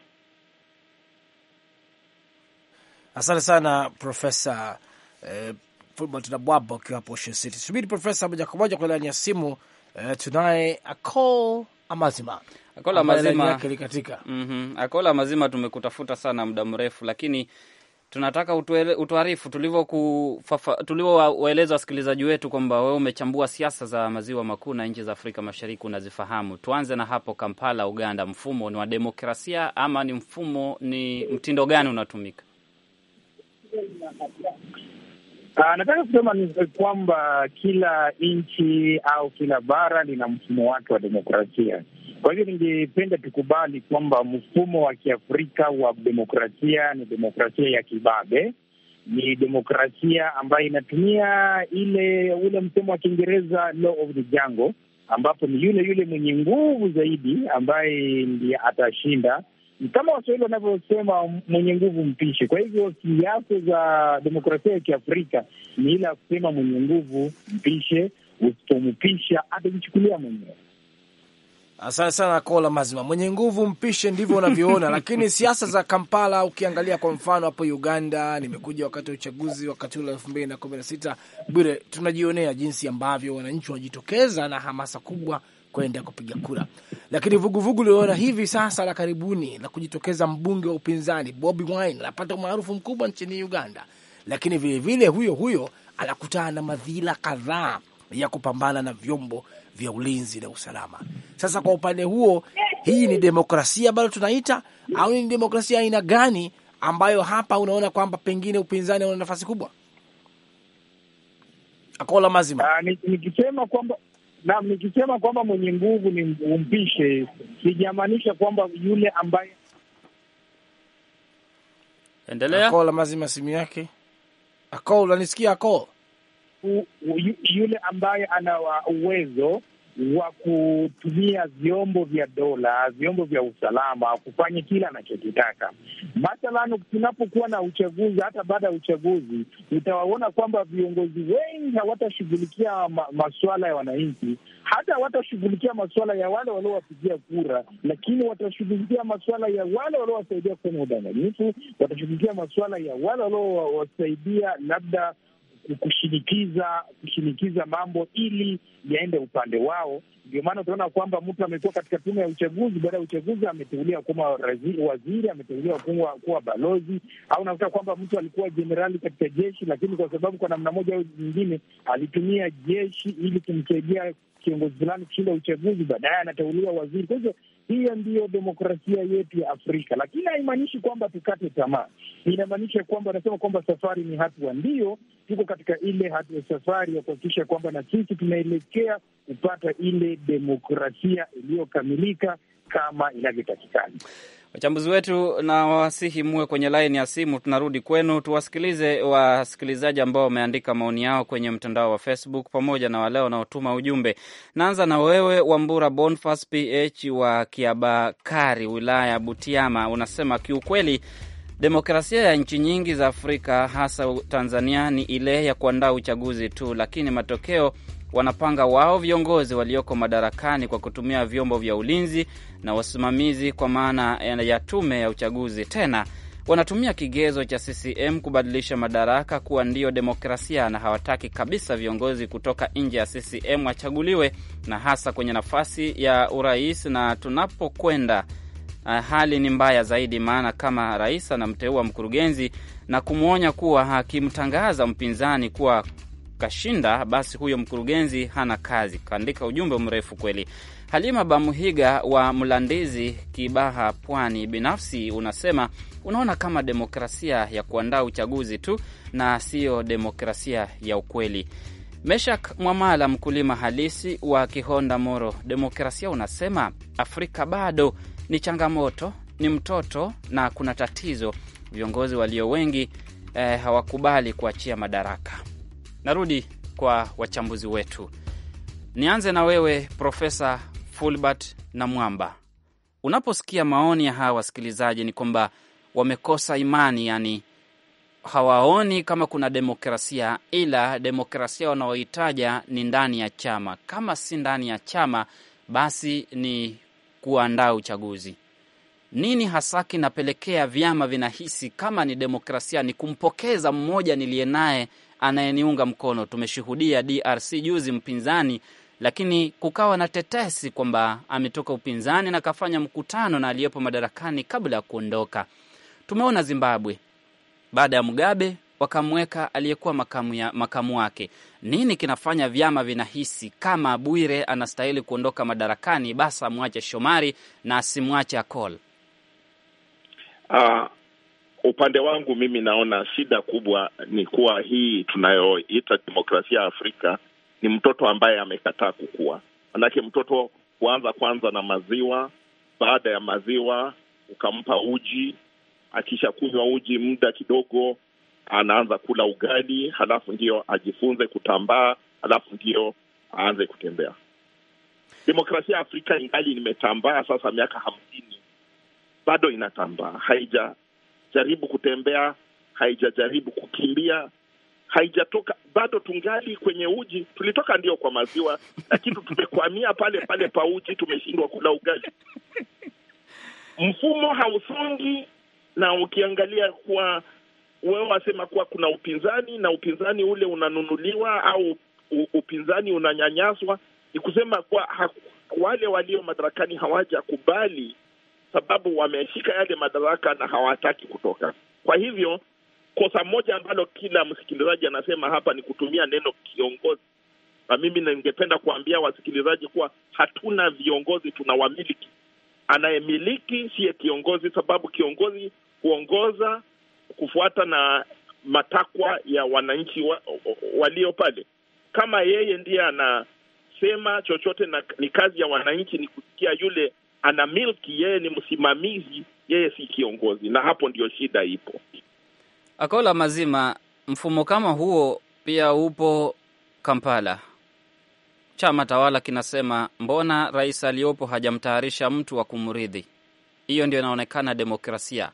Asante sana Profesa eh, Fulbert akiwa hapo Ocean City. Subiri Profesa, moja kwa moja kwa laini ya simu eh, tunaye Acol Amazima. Akola Amazima, Akola mhm. Amazima, tumekutafuta sana muda mrefu, lakini tunataka utuarifu tulivyowaeleza wasikilizaji wetu kwamba wewe umechambua siasa za maziwa makuu na nchi za Afrika Mashariki unazifahamu. Tuanze na hapo Kampala, Uganda, mfumo ni wa demokrasia ama ni mfumo ni mtindo gani unatumika? Ah, nataka kusema ni kwamba kila nchi au kila bara lina mfumo wake wa demokrasia. Kwa hivyo ningependa tukubali kwamba mfumo wa Kiafrika wa demokrasia ni demokrasia ya kibabe, ni demokrasia ambayo inatumia ile ule msemo wa Kiingereza law of the jungle, ambapo ni yule yule mwenye nguvu zaidi ambaye ndiye atashinda. Ni kama Waswahili wanavyosema mwenye nguvu mpishi. Kwa hivyo siasa za demokrasia ya Kiafrika ni ile ya kusema mwenye nguvu mpishe, usipompisha atajichukulia mwenyewe. Asante sana Kola Mazima, mwenye nguvu mpishe, ndivyo unavyoona. Lakini siasa za Kampala, ukiangalia kwa mfano hapo Uganda, nimekuja wakati wa uchaguzi wakati ule elfu mbili na kumi na sita bure, tunajionea jinsi ambavyo wananchi wanajitokeza na hamasa kubwa kwenda kupiga kura. Lakini vuguvugu uliona hivi sasa la karibuni la kujitokeza mbunge wa upinzani Bobi Wine anapata umaarufu mkubwa nchini Uganda, lakini vilevile huyo huyo anakutana na madhila kadhaa ya kupambana na vyombo vya ulinzi na usalama. Sasa kwa upande huo, hii ni demokrasia bado tunaita au ni demokrasia aina gani ambayo hapa unaona kwamba pengine upinzani una nafasi kubwa? Akola mazima ah, nikisema ni kwamba na nikisema kwamba mwenye nguvu ni umpishe, sijamaanisha kwamba yule ambaye endelea. Akola mazima simu yake. Akola, unanisikia Akola? yule ambaye ana uwezo wa kutumia vyombo vya dola, vyombo vya usalama kufanya kile anachokitaka. Mathalan, tunapokuwa na uchaguzi, hata baada ya uchaguzi, utawaona kwamba viongozi wengi hawatashughulikia masuala ya wananchi, hata hawatashughulikia masuala ya wale waliowapigia kura, lakini watashughulikia masuala ya wale waliowasaidia kufanya udanganyifu, watashughulikia masuala ya wale waliowasaidia labda kushinikiza kushinikiza mambo ili yaende upande wao. Ndio maana utaona kwamba mtu amekuwa katika tume ya uchaguzi, baada ya uchaguzi ameteuliwa kuwa waziri, ameteuliwa kuwa balozi, au unakuta kwamba mtu alikuwa jenerali katika jeshi, lakini kwa sababu kwa namna moja au nyingine alitumia jeshi ili kumsaidia kiongozi fulani kushinda uchaguzi, baadaye anateuliwa waziri. Kwa hivyo hiyo ndiyo demokrasia yetu ya Afrika, lakini haimaanishi kwamba tukate tamaa. Inamaanisha kwamba anasema kwamba safari ni hatua, ndiyo tuko katika ile hatua safari ya kuhakikisha kwamba na sisi tunaelekea kupata ile demokrasia iliyokamilika kama inavyotakikana. Wachambuzi wetu na wasihi muwe kwenye laini ya simu. Tunarudi kwenu, tuwasikilize wasikilizaji ambao wameandika maoni yao kwenye mtandao wa Facebook pamoja na wale wanaotuma ujumbe. Naanza na wewe Wambura Bonfas Ph wa Kiabakari, wilaya ya Butiama. Unasema kiukweli demokrasia ya nchi nyingi za Afrika hasa Tanzania ni ile ya kuandaa uchaguzi tu, lakini matokeo wanapanga wao viongozi walioko madarakani kwa kutumia vyombo vya ulinzi na wasimamizi, kwa maana ya tume ya uchaguzi. Tena wanatumia kigezo cha CCM kubadilisha madaraka kuwa ndiyo demokrasia, na hawataki kabisa viongozi kutoka nje ya CCM wachaguliwe, na hasa kwenye nafasi ya urais. Na tunapokwenda ah, hali ni mbaya zaidi, maana kama rais anamteua mkurugenzi na kumwonya kuwa akimtangaza mpinzani kuwa kashinda, basi huyo mkurugenzi hana kazi. Kaandika ujumbe mrefu kweli. Halima Bamuhiga wa Mlandizi, Kibaha, Pwani, binafsi unasema unaona kama demokrasia ya kuandaa uchaguzi tu na siyo demokrasia ya ukweli. Meshak Mwamala, mkulima halisi wa Kihonda, Moro, demokrasia unasema Afrika bado ni changamoto, ni mtoto na kuna tatizo, viongozi walio wengi eh, hawakubali kuachia madaraka. Narudi kwa wachambuzi wetu, nianze na wewe Profesa Fulbert na Mwamba. Unaposikia maoni ya hawa wasikilizaji ni kwamba wamekosa imani, yani hawaoni kama kuna demokrasia, ila demokrasia wanaohitaja ni ndani ya chama. Kama si ndani ya chama, basi ni kuandaa uchaguzi. Nini hasa kinapelekea vyama vinahisi kama ni demokrasia ni kumpokeza mmoja niliye naye anayeniunga mkono. Tumeshuhudia DRC juzi mpinzani, lakini kukawa na tetesi kwamba ametoka upinzani na akafanya mkutano na aliyepo madarakani kabla ya kuondoka. Tumeona Zimbabwe baada ya Mugabe wakamweka aliyekuwa makamu, ya, makamu wake. Nini kinafanya vyama vinahisi kama Bwire anastahili kuondoka madarakani, basi amwache Shomari na asimwache Akol? Uh, upande wangu mimi naona shida kubwa ni kuwa hii tunayoita demokrasia ya Afrika ni mtoto ambaye amekataa kukua. Manake mtoto huanza kwanza na maziwa, baada ya maziwa ukampa uji, akishakunywa uji muda kidogo anaanza kula ugali, halafu ndio ajifunze kutambaa, halafu ndio aanze kutembea. Demokrasia ya Afrika ingali imetambaa sasa miaka hamsini, bado inatambaa, haija haijajaribu kutembea, haijajaribu kukimbia, haijatoka bado. Tungali kwenye uji, tulitoka ndio kwa maziwa, lakini tumekwamia pale pale pa uji, tumeshindwa kula ugali. Mfumo hausongi, na ukiangalia kuwa wewe wasema kuwa kuna upinzani na upinzani ule unanunuliwa au upinzani unanyanyaswa, ni kusema kuwa wale walio madarakani hawajakubali sababu wameshika yale madaraka na hawataki kutoka. Kwa hivyo kosa moja ambalo kila msikilizaji anasema hapa ni kutumia neno kiongozi, na mimi ningependa kuambia wasikilizaji kuwa hatuna viongozi, tuna wamiliki. Anayemiliki siye kiongozi, sababu kiongozi huongoza kufuata na matakwa ya wananchi wa, walio pale. Kama yeye ndiye anasema chochote na ni kazi ya wananchi ni kusikia yule ana milki, yeye ni msimamizi, yeye si kiongozi, na hapo ndio shida ipo. Akola mazima, mfumo kama huo pia upo Kampala. Chama tawala kinasema mbona rais aliyopo hajamtayarisha mtu wa kumridhi? Hiyo ndio inaonekana demokrasia.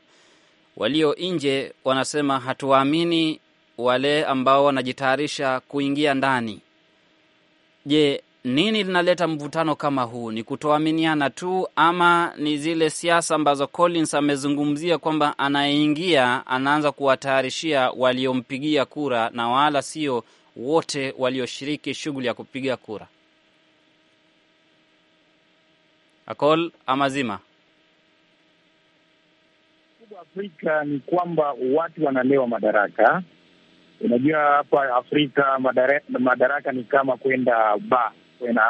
Walio nje wanasema hatuwaamini wale ambao wanajitayarisha kuingia ndani. Je, nini linaleta mvutano kama huu? Ni kutoaminiana tu ama ni zile siasa ambazo Collins amezungumzia kwamba anayeingia anaanza kuwatayarishia waliompigia kura na wala sio wote walioshiriki shughuli ya kupiga kura? Akol amazima Afrika ni kwamba watu wanalewa madaraka. Unajua hapa Afrika madaraka, madaraka ni kama kwenda baa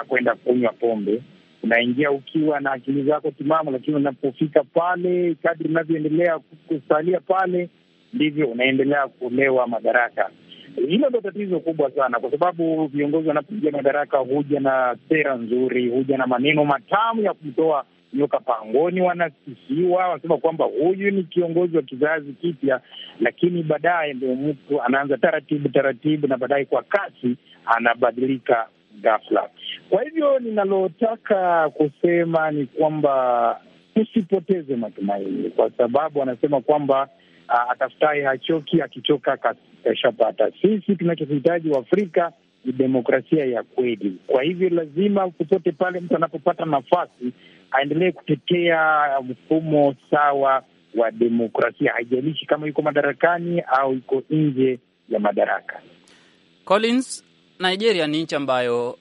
kwenda kunywa pombe. Unaingia ukiwa na akili zako timamu, lakini unapofika pale, kadri unavyoendelea kusalia pale, ndivyo unaendelea kulewa madaraka. Hilo ndo tatizo kubwa sana, kwa sababu viongozi wanapoingia madaraka huja na sera nzuri, huja na maneno matamu ya kumtoa nyoka pangoni. Wanasifiwa, wanasema kwamba huyu ni kiongozi wa kizazi kipya, lakini baadaye ndio mtu anaanza taratibu taratibu, na baadaye kwa kasi anabadilika ghafla. Kwa hivyo ninalotaka kusema ni kwamba tusipoteze matumaini, kwa sababu anasema kwamba uh, ah, atafutaye hachoki, akichoka kashapata. Sisi tunachohitaji Waafrika ni demokrasia ya kweli. Kwa hivyo lazima popote pale mtu anapopata nafasi aendelee kutetea mfumo sawa wa demokrasia, haijalishi kama yuko madarakani au yuko nje ya madaraka. Collins, Nigeria ni nchi ambayo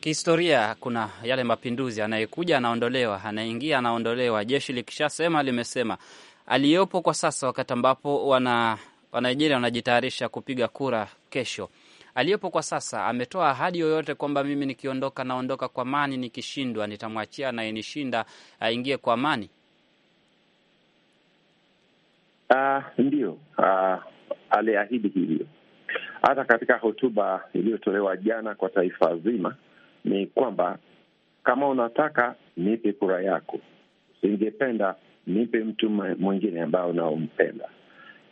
kihistoria kuna yale mapinduzi, anayekuja anaondolewa, anaingia anaondolewa. Jeshi likishasema limesema. Aliyopo kwa sasa, wakati ambapo wana Wanigeria wanajitayarisha kupiga kura kesho, aliyepo kwa sasa ametoa ahadi yoyote kwamba mimi nikiondoka, naondoka kwa amani, nikishindwa nitamwachia anayenishinda aingie kwa amani? Uh, ndio, uh, aliahidi hivyo hata katika hotuba iliyotolewa jana kwa taifa zima, ni kwamba kama unataka nipe kura yako, usingependa nipe mtu mwingine ambaye unaompenda.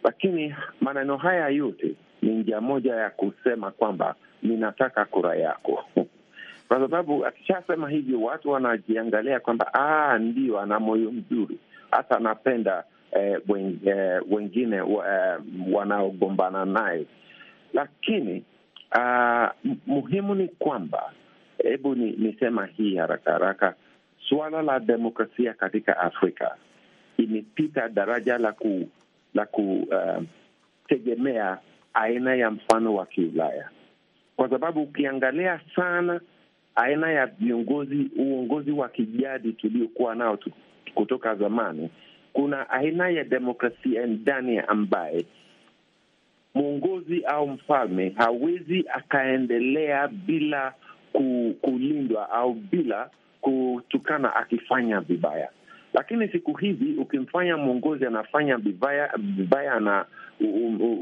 Lakini maneno haya yote ni njia moja ya kusema kwamba ninataka kura yako kwa sababu akishasema hivyo watu wanajiangalia kwamba ah, ndio ana moyo mzuri, hata anapenda eh, eh, wengine eh, wanaogombana naye lakini uh, muhimu ni kwamba, hebu ni, nisema hii haraka haraka, suala la demokrasia katika Afrika imepita daraja la ku, la kutegemea eh, uh, aina ya mfano wa Kiulaya, kwa sababu ukiangalia sana aina ya viongozi, uongozi wa kijadi tuliokuwa nao kutoka zamani, kuna aina ya demokrasia ndani ambaye mwongozi au mfalme hawezi akaendelea bila kulindwa au bila kutukana akifanya vibaya. Lakini siku hizi ukimfanya mwongozi anafanya vibaya vibaya na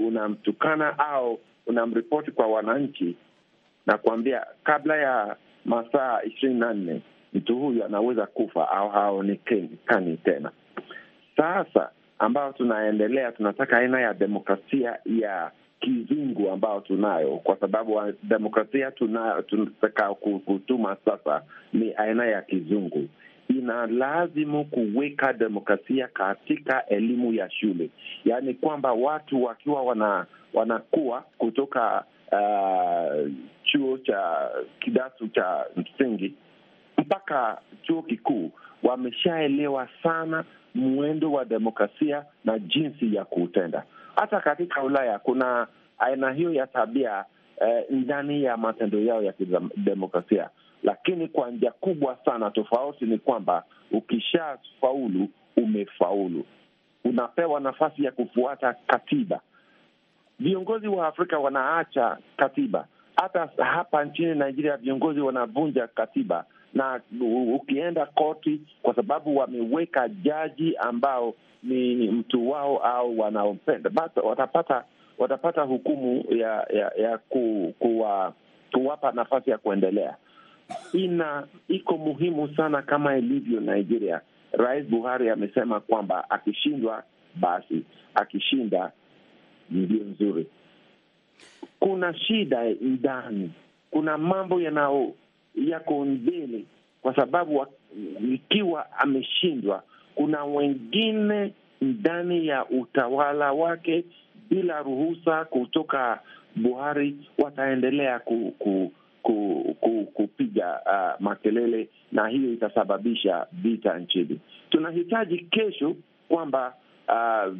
unamtukana au unamripoti kwa wananchi na kuambia kabla ya masaa ishirini na nne mtu huyu anaweza kufa au haonekani tena. Sasa ambayo tunaendelea, tunataka aina ya demokrasia ya kizungu ambayo tunayo, kwa sababu demokrasia tunataka kutuma sasa ni aina ya kizungu. Ina lazimu kuweka demokrasia katika elimu ya shule, yaani kwamba watu wakiwa wana, wanakuwa kutoka uh, chuo cha kidato cha msingi mpaka chuo kikuu wameshaelewa sana mwendo wa demokrasia na jinsi ya kuutenda. Hata katika Ulaya kuna aina hiyo ya tabia eh, ndani ya matendo yao ya kidemokrasia, lakini kwa njia kubwa sana. Tofauti ni kwamba ukisha faulu, umefaulu, unapewa nafasi ya kufuata katiba. Viongozi wa Afrika wanaacha katiba. Hata hapa nchini Nigeria viongozi wanavunja katiba na ukienda koti, kwa sababu wameweka jaji ambao ni mtu wao au wanaompenda, watapata watapata hukumu ya ya, ya ku, kuwa, kuwapa nafasi ya kuendelea. Ina iko muhimu sana kama ilivyo Nigeria. Rais Buhari amesema kwamba akishindwa basi, akishinda ndio nzuri. Kuna shida ndani, kuna mambo yanao yako mbele, kwa sababu ikiwa ameshindwa, kuna wengine ndani ya utawala wake bila ruhusa kutoka Buhari wataendelea ku, ku, ku, ku, kupiga uh, makelele, na hiyo itasababisha vita nchini. Tunahitaji kesho kwamba uh,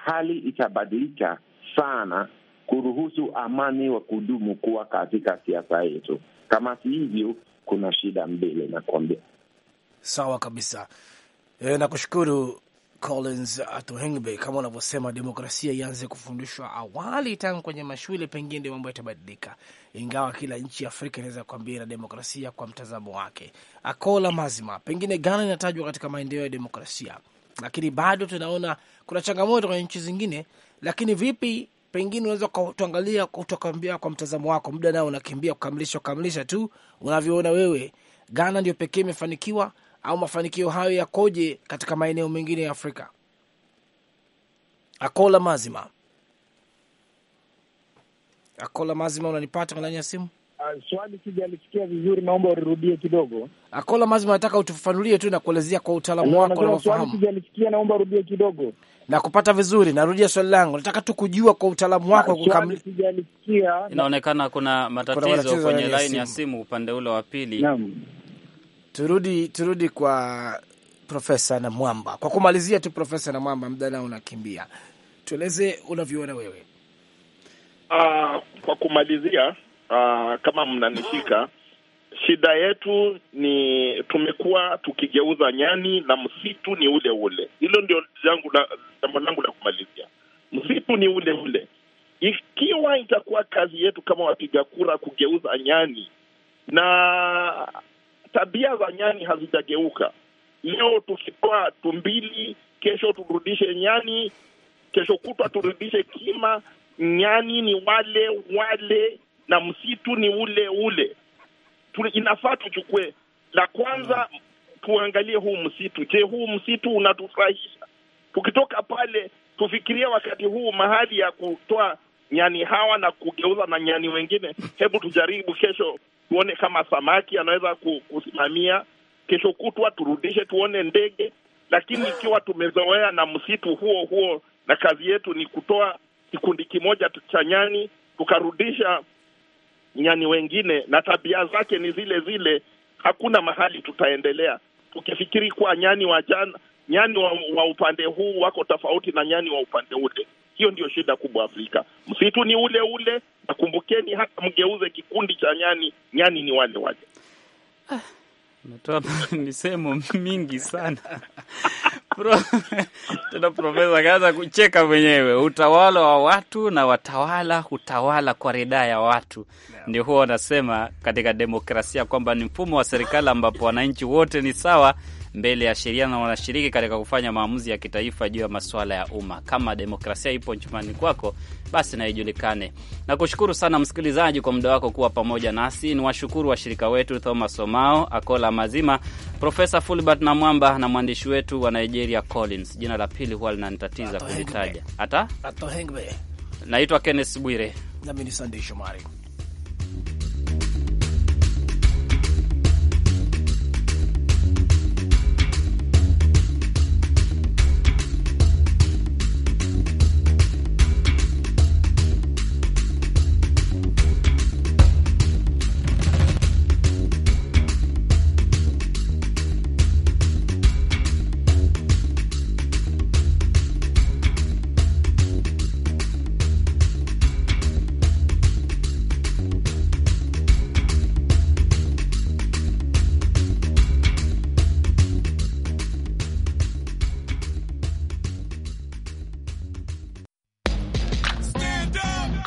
hali itabadilika sana kuruhusu amani wa kudumu kuwa katika siasa yetu. Kama si hivyo, kuna shida mbele, nakuambia. Sawa kabisa. E, nakushukuru Collins Atohengbe. Kama unavyosema, demokrasia ianze kufundishwa awali tangu kwenye mashule, pengine ndio mambo yatabadilika, ingawa kila nchi ya Afrika inaweza kuambia na demokrasia kwa mtazamo wake. Akola mazima, pengine Ghana inatajwa katika maendeleo ya demokrasia, lakini bado tunaona kuna changamoto kwenye nchi zingine. Lakini vipi pengine unaweza ukatuangalia kutokaambia kwa mtazamo wako, muda nao unakimbia kukamilisha kukamilisha tu, unavyoona wewe, Ghana ndio pekee imefanikiwa au mafanikio hayo yakoje katika maeneo mengine ya Afrika? Akola mazima, Akola mazima, unanipata ndani ya simu? Uh, swali sijalisikia vizuri, naomba urudie kidogo. Akola mazima, nataka utufafanulie tu na kuelezea kwa utaalamu wako na unafahamu. Swali sijalisikia, naomba urudie kidogo na kupata vizuri. Narudia swali langu, nataka tu kujua kwa utaalamu wako Inaonekana kuna matatizo, kuna matatizo kwenye laini ya simu upande ule wa pili. turudi turudi kwa Profesa Namwamba kwa kumalizia tu. Profesa Namwamba, muda nao unakimbia, tueleze unavyoona wewe. Uh, kwa kumalizia, uh, kama mnanishika Shida yetu ni tumekuwa tukigeuza nyani na msitu ni ule ule. Hilo ndio jambo langu la kumalizia, msitu ni ule ule. Ikiwa itakuwa kazi yetu kama wapiga kura kugeuza nyani, na tabia za nyani hazijageuka, leo tukitoa tumbili, kesho turudishe nyani, kesho kutwa turudishe kima, nyani ni wale wale na msitu ni ule ule inafaa tuchukue la kwanza, mm. tuangalie huu msitu. Je, huu msitu unatufurahisha? Tukitoka pale, tufikiria wakati huu mahali ya kutoa nyani hawa na kugeuza na nyani wengine. Hebu tujaribu kesho, tuone kama samaki anaweza kusimamia. Kesho kutwa turudishe, tuone ndege. Lakini ikiwa tumezoea na msitu huo huo na kazi yetu ni kutoa kikundi kimoja cha nyani tukarudisha nyani wengine na tabia zake ni zile zile, hakuna mahali tutaendelea tukifikiri kuwa nyani wa jana, nyani wa, wa upande huu wako tofauti na nyani wa upande ule. Hiyo ndio shida kubwa Afrika. Msitu ni ule ule, na kumbukeni, hata mgeuze kikundi cha nyani, nyani ni wale wale. Ah, Umetoa misemo mingi sana tena profesa kaanza kucheka mwenyewe. Utawala wa watu na watawala hutawala kwa ridhaa ya watu, ndio huwa wanasema katika demokrasia kwamba ni mfumo wa serikali ambapo wananchi wote ni sawa mbele ya sheria na wanashiriki katika kufanya maamuzi ya kitaifa juu ya masuala ya umma. Kama demokrasia ipo chumani kwako, basi naijulikane. Nakushukuru sana msikilizaji kwa muda wako kuwa pamoja nasi. Ni washukuru washirika wetu Thomas Omao, Akola Mazima, Profesa Fulbert na Mwamba na mwandishi wetu wa Nigeria Collins. Jina la pili huwa linanitatiza kulitaja hata. Naitwa Kenneth Bwire nami ni Sandei Shomari.